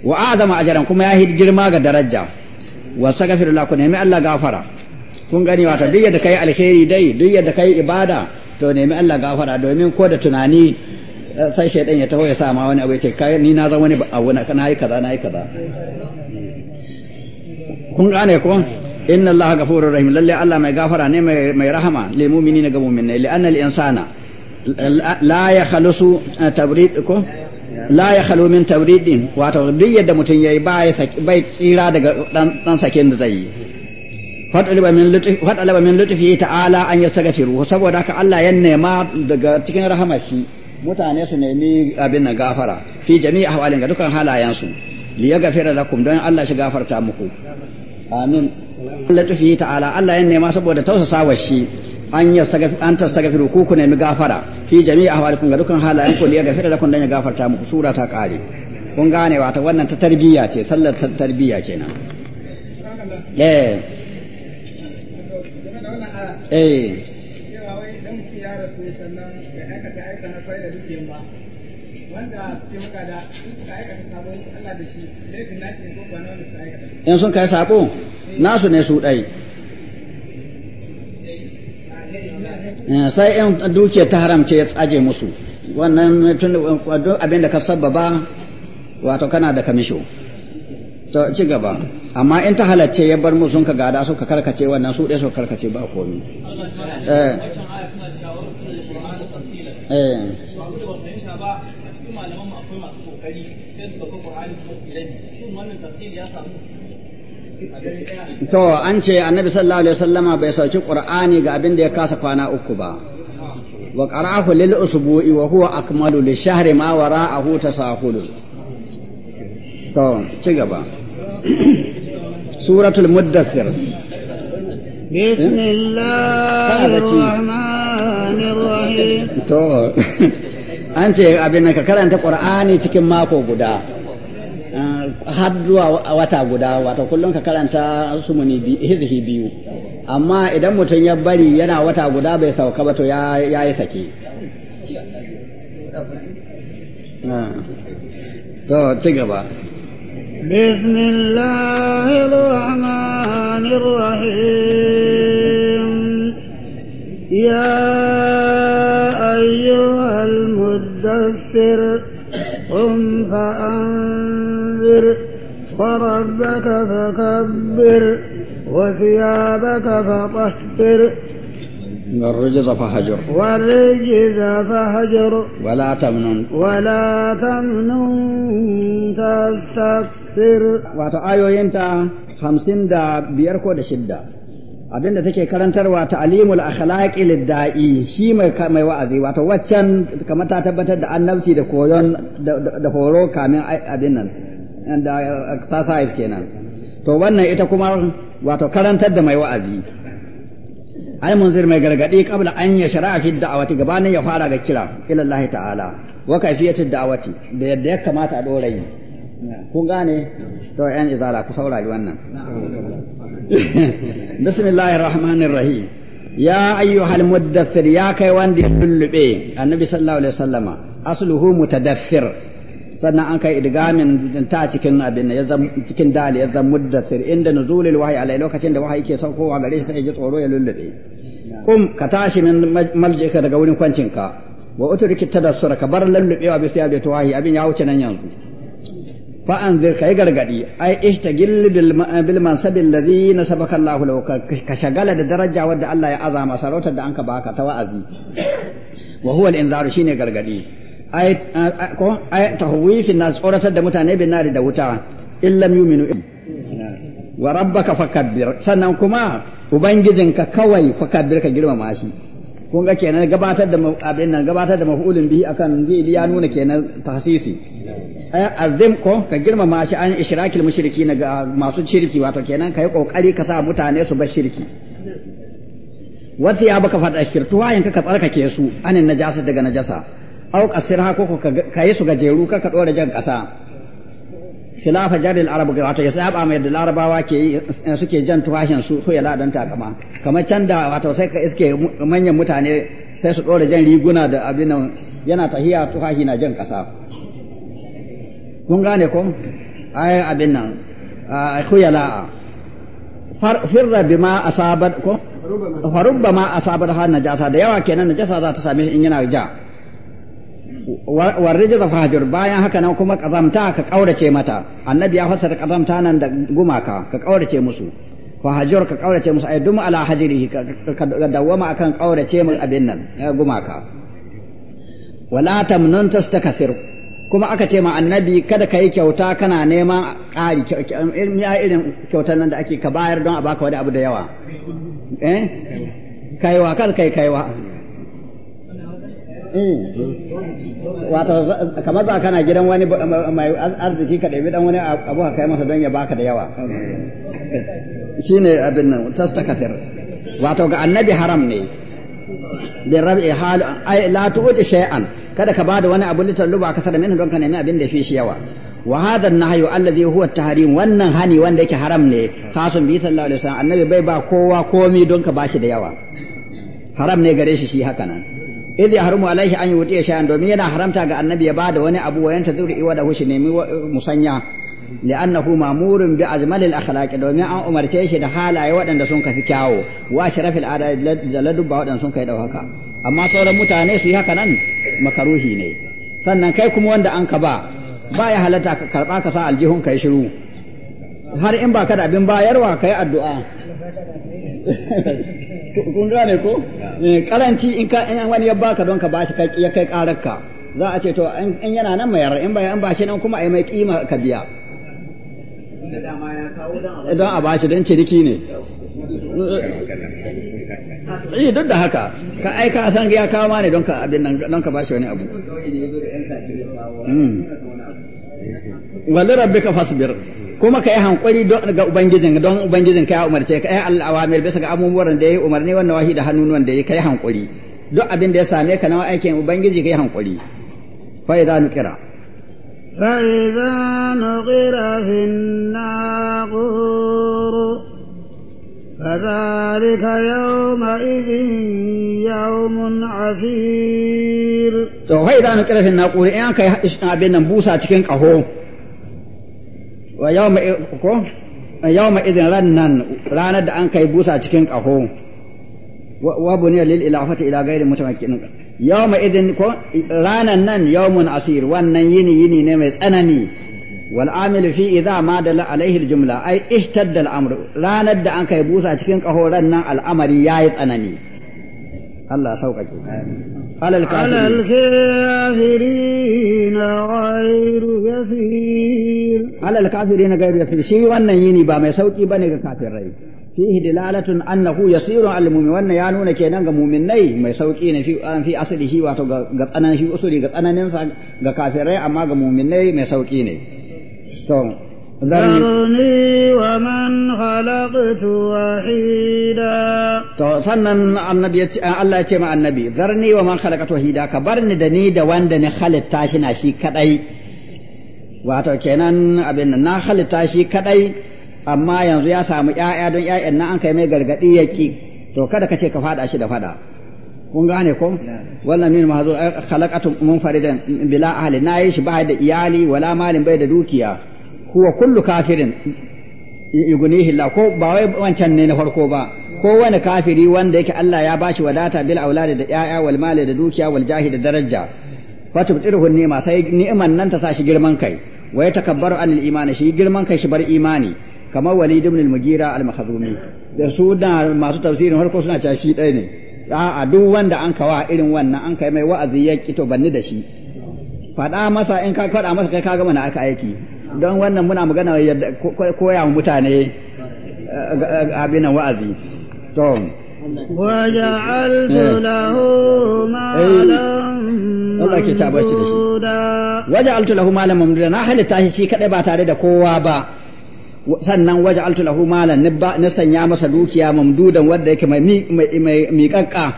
wa a'zama ajran kuma ya hid girma ga daraja wa sagafir la nemi Allah gafara kun gani wata duk yadda kai alheri dai duk yadda kai ibada to nemi Allah gafara domin ko da tunani eh, sai shaidan ya taho ya sa ma wani abu ya ce kai ni na zan wani abu na na yi kaza na yi kaza kun gane ko inna Allah ghafurur rahim lalle Allah mai gafara ne mai rahama lil mu'minina ga mu'minai li anna al insana la ya khalusu ko la ya khalu min tabridin wato duk yadda mutum yayi ba ya saki bai tsira daga dan sakin da zai yi fadalaba min lutfi fadalaba min lutfi ta'ala an yastaghfiru saboda ka Allah ya nema daga cikin rahamar shi mutane su nemi abin na gafara fi jami'i ahwalin ga dukkan halayensu li yaghfira lakum don Allah shi gafarta muku amin lutfi ta'ala Allah ya nema saboda tausasa wa shi an yastaghfir an tastaghfiru ku ku nemi gafara fi jami'i ahwalikum ga dukkan halayen ku liya dan ya gafarta muku sura ta kare kun gane wata wannan ta tarbiyya ce sallar ta tarbiyya kenan eh eh sun kai sako nasu ne su ɗai Eh, sai yan dukiya ta haramce ya tsaje musu wannan tun eh, abin da ka sababa wato kana da kamisho to ci gaba amma in ta halacce ya bar musu ka gada ka karkace wannan su ɗaya suka karkace ba komi eh eh to an ce annabi sallallahu alaihi wasallama bai sauki qur'ani ga abin da ya kasa kwana uku ba wa qara'ahu lil usbu'i wa huwa akmalu li shahri ma wara'ahu tasahul to ci gaba suratul muddathir bismillahir to an ce abin ka karanta qur'ani cikin mako guda Ah, har zuwa wata guda wato kullum ka karanta sumuni hizihi biyu amma idan mutum ya bari yana wata guda bai sauka ba to ya yi sake ah. to ci gaba بسم الله الرحمن الرحيم يا أيها المدثر قم فأنذر وربك فكبر وثيابك فطهر والرجز فهجر والرجز فهجر ولا تمنن ولا تمنن تستكثر وتآيو ينتا خمسين دا بيركو دا شدة abinda take karantarwa ta'limul akhlaqi lidda'i dai shi mai mai wa'azi wato waccan kamar ta tabbatar da annabci da koyon da horo kamin abin nan da exercise kenan to wannan ita kuma wato karantar da mai wa'azi al-munzir mai gargadi qabla an yashra'a fi da'awati gabanin ya fara ga kira ila Allah ta'ala wa kayfiyatu da'awati da yadda ya kamata a dora kun gane to yan izala ku saurari wannan bismillahir rahmanir rahim ya ayyuhal muddathir ya kai wanda ya lullube annabi sallallahu alaihi wasallama asluhu mutadaffir sannan an kai idgamin ta cikin abin ya zam cikin dali ya zam muddathir inda nuzulil wahyi alai lokacin da wahayi ke saukowa gare shi sai ya ji tsoro ya lullube kum ka tashi min maljika daga wurin kwancinka wa utrikit tadassura ka bar lullubewa bi siyabi tuwahi abin ya wuce nan yanzu fa anzir kai gargadi ai ishtagil bil bil mansabi alladhi nasabaka Allah lahu ka shagala da daraja wadda Allah ya azama sarauta da anka baka ta wa'azi wa huwa al inzaru shine gargadi ai ko ai tahwif tsoratar da mutane bin nari da wuta illam yuminu wa rabbaka fakabbir sannan kuma ubangijinka kawai fakabbir ka girmama shi kun ga kenan gabatar da abin nan gabatar da maf'ulin bihi akan zai ya nuna kenan tahsisi eh, azim ko ka girmama shi an ishrakil mushriki na ga masu shirki wato kenan kai kokari ka sa mutane su bar shirki wata ya baka fada shirtu wayin ka tsarkake su anin najasa daga najasa au kasirha ko ka yi su gajeru ka ka dora jan kasa khilafa jaril arab ga wato ya saba mai da larabawa ke suke jan tuwahin su ko ya ladan takama kamar can da wato sai ka iske manyan mutane sai su dora jan riguna da abin nan yana tahiya tuwahi na jan kasa kun gane ko ai abin nan khuyala farra bima asabat ko ma asabat ha najasa da yawa kenan najasa za ta same shi in yana ja warrijza fahajur bayan haka nan kuma kazamta ka kaurace mata annabi ya fassara kazamta nan da gumaka ka kaurace musu fahajur ka kaurace musu ai dum ala hajrihi ka dawama akan kaurace mu abin nan gumaka wala tamnun tastakthir kuma aka ce ma annabi kada ka yi kyauta kana neman ƙari irin kyautar nan da ake ka bayar don a baka wani abu da yawa eh kaiwa kada kai kaiwa Mm. wato kamar za kana gidan wani mai arziki ka ɗabi ɗan wani abu ka kai masa don ya baka da yawa shine abin nan tastakathir wato ga annabi haram ne da rabi hal ai la tu'ti shay'an kada ka bada wani abu litar luba ka sada min don ka nemi abin da fi shi yawa wa hadha an-nahyu alladhi huwa at-tahrim wannan hani wanda yake haram ne khasun bi sallallahu alaihi wasallam annabi bai ba kowa komi don ka bashi da yawa haram ne gare shi shi haka nan إذ يحرم عليه أن يؤتي شيئا domin yana haramta ga annabi ya bada wani abu wa yanta zuri iwa da hushi nemi musanya لأنه مأمور بأجمل الأخلاق domin an umarce shi da halaye waɗanda sun kafi kyawo wa sharafil ada da ladubba waɗanda sun kai haka amma sauran mutane su yi haka nan makaruhi ne sannan kai kuma wanda an ka ba ba ya halatta ka karba ka sa aljihun ka yi shiru har in ba ka da abin bayarwa ka yi addu'a kun gane ko eh, karanci in ka in wani ya baka don ka bashi kai ya kai karakka za a ce to in yana nan mayar in ba in bashi nan kuma ai mai kima ka biya eh, don a bashi don ciniki ne Eh duk da haka ka ai ka san ya kawo ma ne don ka abin nan don ka bashi wani abu hmm. Wallahi rabbika fasbir kuma ka yi hankuri don ga ubangijin don ubangijin ka ya umarce ka yi al'awamir bisa ga abubuwan da ya yi umarni wannan wahi da hannun wanda ya yi hankuri duk abin da ya same ka na aikin ubangiji ka yi hankuri fa idza nuqira fa idza nuqira fin naqur فذلك يومئذ يوم عسير to fa idza nuqira fin naqur in ka yi abin nan busa cikin kaho wa yawma ko yawma idin rannan ranar da an kai busa cikin ƙaho wa buniya lil ilafati ila ghairi mutamakkin yawma idin ko ranan nan yawmun asir wannan yini yini ne mai tsanani wal amil fi idza ma dala alaihi al jumla ay ishtadda al amru ranar da an kai busa cikin ƙaho rannan al'amari yayi tsanani Allah ya sauƙaƙe alal kafirin ghairu yasir alal kafirin ghairu yasir shi wannan yini ba mai sauki bane ga kafirai fihi dilalatun annahu yasirun al mu'min ya nuna kenan ga mu'minai mai sauki ne an fi aslihi wato ga tsananin ga tsananin sa ga kafirai amma ga mu'minai mai sauki ne ذرني ومن خلقت وحيدا to sannan annabi ya Allah ya ce ma annabi zarni wa man khalaqat wahida ka barni da ni da wanda ni halitta shi na shi kadai wato kenan abin nan na halitta shi kadai amma yanzu ya samu ƴaƴa don ƴaƴan na an kai mai gargadi ya to kada ka ce ka fada shi da faɗa. kun gane ko wannan ne ma zo khalaqatu munfaridan bila ahli na yi shi ba da iyali wala malin bai da dukiya huwa kullu kafirin yugunihi Allah ko ba wai wancan ne na farko ba ko wani kafiri wanda yake Allah ya bashi wadata bil auladi da yaya wal mali da dukiya wal jahi da daraja fa tubtirhu ni'ma sai ni'man nan ta sa shi girman kai wa takabbaru anil imani shi girman kai shi bar imani kamar walid ibn al-mugira al-makhzumi da su da masu tafsirin farko suna cewa shi ɗaya ne a'a duk wanda an kawa irin wannan an kai mai wa'azi ya kito banni da shi faɗa masa in ka faɗa masa kai ka gama na aka aiki don wannan muna magana yadda koya wa mutane eh, abinan wa'azi to waje eh. eh. Malam ta mamduda na halitta shi kadai ba tare da kowa ba sannan Waje lahu Malam na sanya masa dukiya mamdudan wanda yake mai mai miƙaƙƙa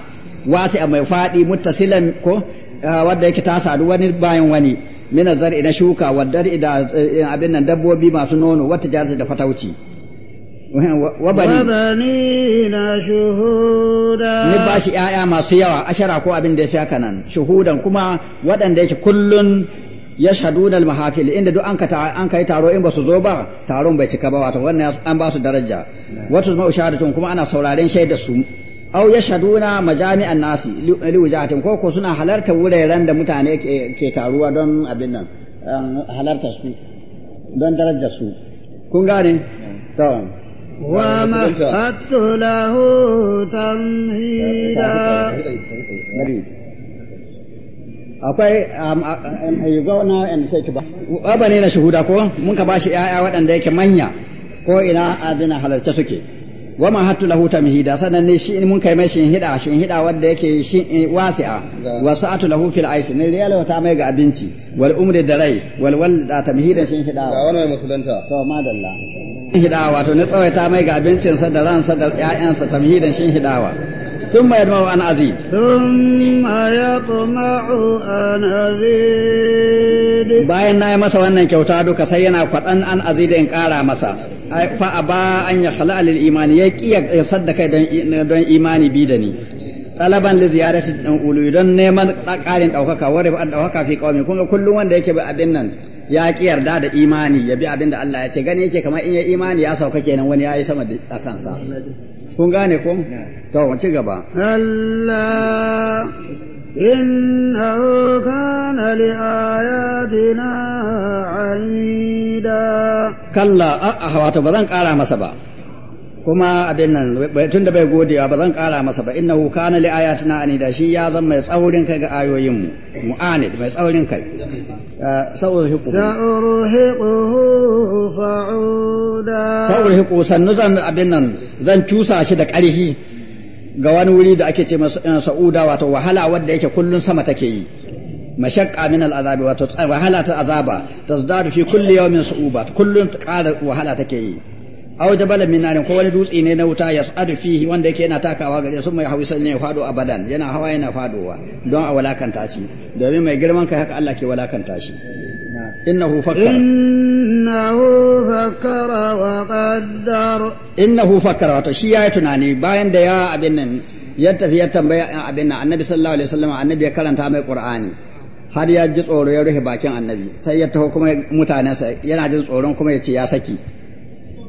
wasi mai faɗi muttasilan ko Ah, wadda yake ta sadu wani bayan wani mina zar'i na shuka wadda da eh, abin nan dabbobi masu nono wata jarata da fatauci wabani na shuhuda ni ba shi ‘ya'ya masu yawa ashara ko abin da ya fi haka nan shuhudan kuma waɗanda yake kullun ya shadu da mahafil inda duk an ka kai taro in ba su zo ba taron bai cika ba wato wannan an ba su daraja wato zuma kuma ana sauraren shaidar su au majami majami'an nasi liwujatin ko ko suna halarta wuraren da mutane ke taruwa don abin nan um, halarta su don darajar su kun gane to wa mahattu lahu tamhida akwai um, uh, um, uh, you go now and take ba ne na shuhuda ko mun ka bashi ƴaƴa waɗanda yake manya ko ina abin halarta suke wa ma hattu lahu tamhida sanan ne shi mun kai mai shin hida shin hida wanda yake shi wasi'a wa sa'atu lahu fil aish ne riyala wata mai ga abinci wal umri da rai wal walda tamhida shin hida ga wannan musulunta to madalla hidawa wato ne tsawaita mai ga abincin sa da ransa da ƴaƴansa tamhidan shin hidawa ثم يطمع أن أزيد ثم يطمع أن أزيد bayan na yi masa wannan kyauta duka sai yana kwaɗan an azida in kara masa fa a ba an ya khala alil imani ya ki ya sadda kai don imani bi da ni talaban li ziyarati dan ulu don neman ƙarin ɗaukaka wari ba ɗaukaka fi qaumi kun kullum wanda yake bi abin nan ya ki yarda da imani ya bi abin da Allah ya ce gani yake kamar in ya imani ya sauka kenan wani ya yi sama da kansa kun gane ko to ci gaba Allah إنه كان لآياتنا عنيدا كلا wato ba zan ƙara masa ba kuma abin nan tun da bai gode ba zan ƙara masa ba innahu kana li ayatina anida shi ya zan mai tsaurin kai ga ayoyin mu mai tsaurin kai sa'urhiquhu sa'urhiquhu sannu abin nan zan cusa shi da ƙarfi ga wani wuri da ake ce eh, sa'uda wato wahala wadda yake kullun sama take yi mashaqqa min al'azabi wato wahala ta azaba tazdadu fi kulli yawmin su'uba kullun ƙara wahala take yi aw jabal min narin ko wani dutse ne na wuta yas'adu fihi wanda yake yana takawa gare su mai hawi sai ya fado badan yana hawa yana fadowa don a walakanta shi domin mai girman kai haka Allah ke walakanta shi إنه فكر إنه فكر وقدر إنه فكر وتشي يا تناني باين ديا أبنن يتفي يتنبيا أبنن النبي صلى الله عليه وسلم النبي يكرن تامي قرآني har ya ji tsoro ya rufe bakin annabi sai ya taho kuma mutanensa yana jin tsoron kuma ya ce ya saki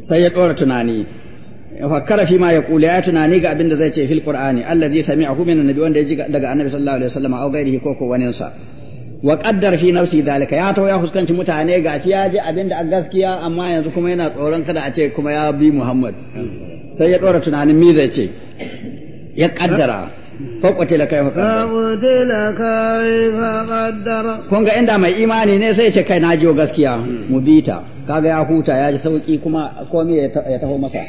sai ya ɗora tunani fakkara fi ma ya kula ya tunani ga abin da zai ce fil qur'ani allazi sami'ahu min annabi wanda ya ji daga annabi sallallahu alaihi wasallam au gairihi ko ko waninsa wa kaddar fi nafsi dalika ya to ya fuskanci mutane gashi ya ji abinda a gaskiya amma yanzu kuma yana tsoron kada a ce kuma ya bi Muhammad sai ya dora tunanin me zai ce ya kaddara fa qutila kayfa qaddara kun ga inda mai imani ne sai ce kai na ji gaskiya mu ta kaga ya huta ya ji sauki kuma komai ya taho masa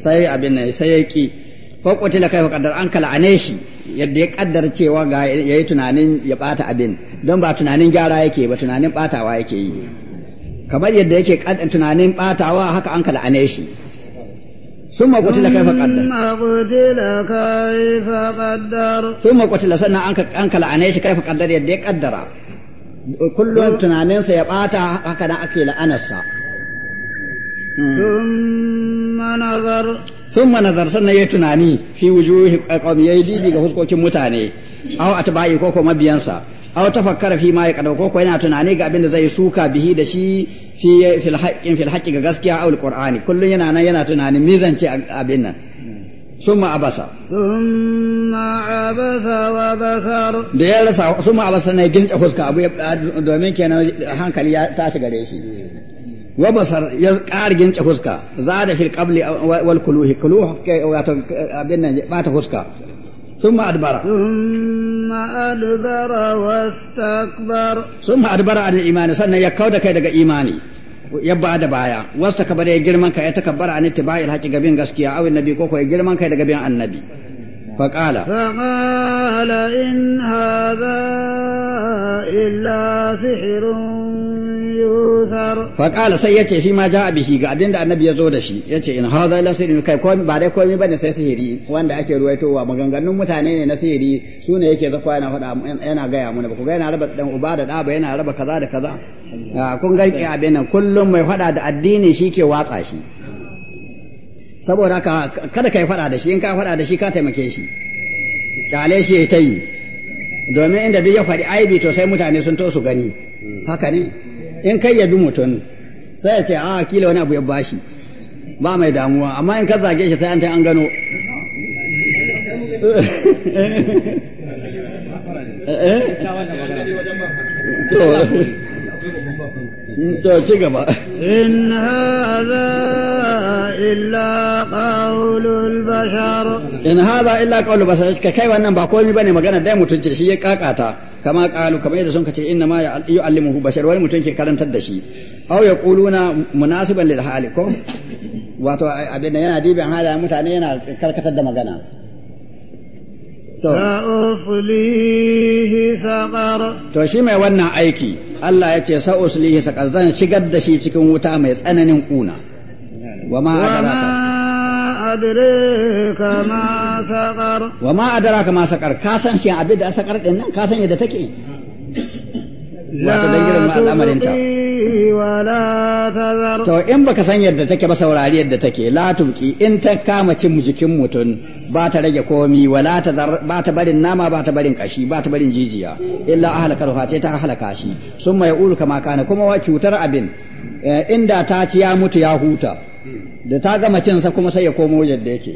sai abin nan sai ya ki Ko faƙoci da kai faƙadar an kala'ane shi yadda ya ƙaddar cewa ga ya yi tunanin ya ɓata abin don ba tunanin gyara yake ba tunanin ɓatawa yake yi kamar yadda yake tunanin ɓatawa haka an kala'ane shi sun maƙoci da kai faƙaddar sun maƙoci da sannan an kala'ane shi kai faƙaddar yadda ya ƙaddara kullum tunaninsa ya ɓata haka nan ake la'anarsa. anasa thumma nazar thumma nazar sannan ya tunani fi wujuhi qawmi yayi dibi ga fuskokin mutane aw atba'i ko ko mabiyansa aw tafakkara fi ma yaqadu ko ko yana tunani ga abinda zai suka bihi da shi fi fil haqqin ga gaskiya a alqur'ani kullun yana nan yana tunanin mizance abin nan ثم عبس abasa wa وبصر da ya rasa ثم عبس ne gince fuska abu domin kenan hankali ya tashi gare wa basar ya ƙara gince huska za da fil qabli wal kuluhi wato bata ثم أدبر ثم أدبر واستكبر ثم أدبر عن الإيمان سنة يكود كيدك إيماني yabba da baya wasta ka bare girman ka ya takabbara an ittiba'i alhaqi gabin gaskiya awin nabi ko ko girman kai daga bin annabi فقال فقال إن هذا إلا سحر ma فقال سي يتي ga abin da annabi ya zo da shi yace in hadha illa kai komai ba dai komai bane sai sihiri wanda ake ruwaitowa maganganun mutane ne na sihiri suna ne yake zakwa yana yana gaya mana ba ga yana raba dan uba da da ba yana raba kaza da kaza kun ga abin nan kullum mai haɗa da addini shi ke watsa shi saboda haka kada kai faɗa da shi in ka fada da shi ka taimake shi kyale shi ya ta yi domin inda duk ya faɗi aibi to sai mutane sun to su gani haka ne in kai ya bi mutum sai ya ce a ah, kila wani abu ya bashi ba mai damuwa amma in ka zage shi sai an ta an gano eh, eh. to to ci illa qaulul bashar in illa qaulul bashar kai wannan ba komai bane magana dai mutun shi ya kakata kama qalu yadda sun kace inna ma yu'allimuhu bashar wani mutun ke karantar da shi aw yaquluna munasiban lil hali ko wato abin yana dibin halayen mutane yana karkatar da magana sa’uslihi saqar to shi mai wannan aiki Allah ya ce sa'uslihi saqar zan shigar da shi cikin wuta mai tsananin kuna ma adraka ma Wa ma adraka ma saqar ka san shi abin da saqar din nan ka san yadda take wato dan ma al'amarinta to in baka san yadda take ba saurari yadda take la tubki in ta kama cin jikin mutum ba ta rage komi wala ta ba ta barin nama ba ta barin kashi ba ta barin jijiya illa ahlaka ruha sai ta halaka shi sun mai uru kama kana kuma wa cutar abin eh, inda ta ci ya mutu ya huta da ta gama cinsa kuma sai ya komo yadda yake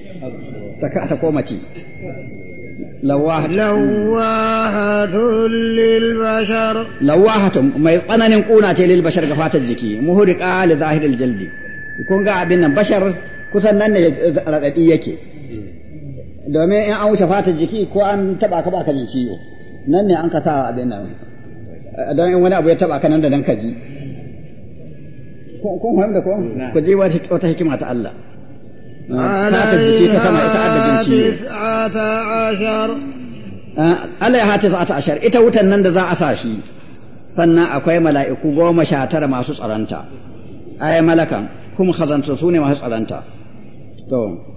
ta koma ci لواحة لواحة للبشر لواحة ما يقنن قونا للبشر قفات الجكي مهرقة لظاهر الجلد يكون قاعد بين بشر kusan nan ne raɗaɗi yake domin in an wuce fatar jiki ko an taɓa ka ba ka ji ciwo nan ne an ka sa don wani abu ya taɓa nan da ka ji fahimta ko wata hikima ta Allah عليها تسعة عشر alaiha ashar ita wutan nan da za a sa shi sannan akwai mala'iku goma sha tara masu tsaranta ay malakan kuma khazantu su ne masu tsaranta to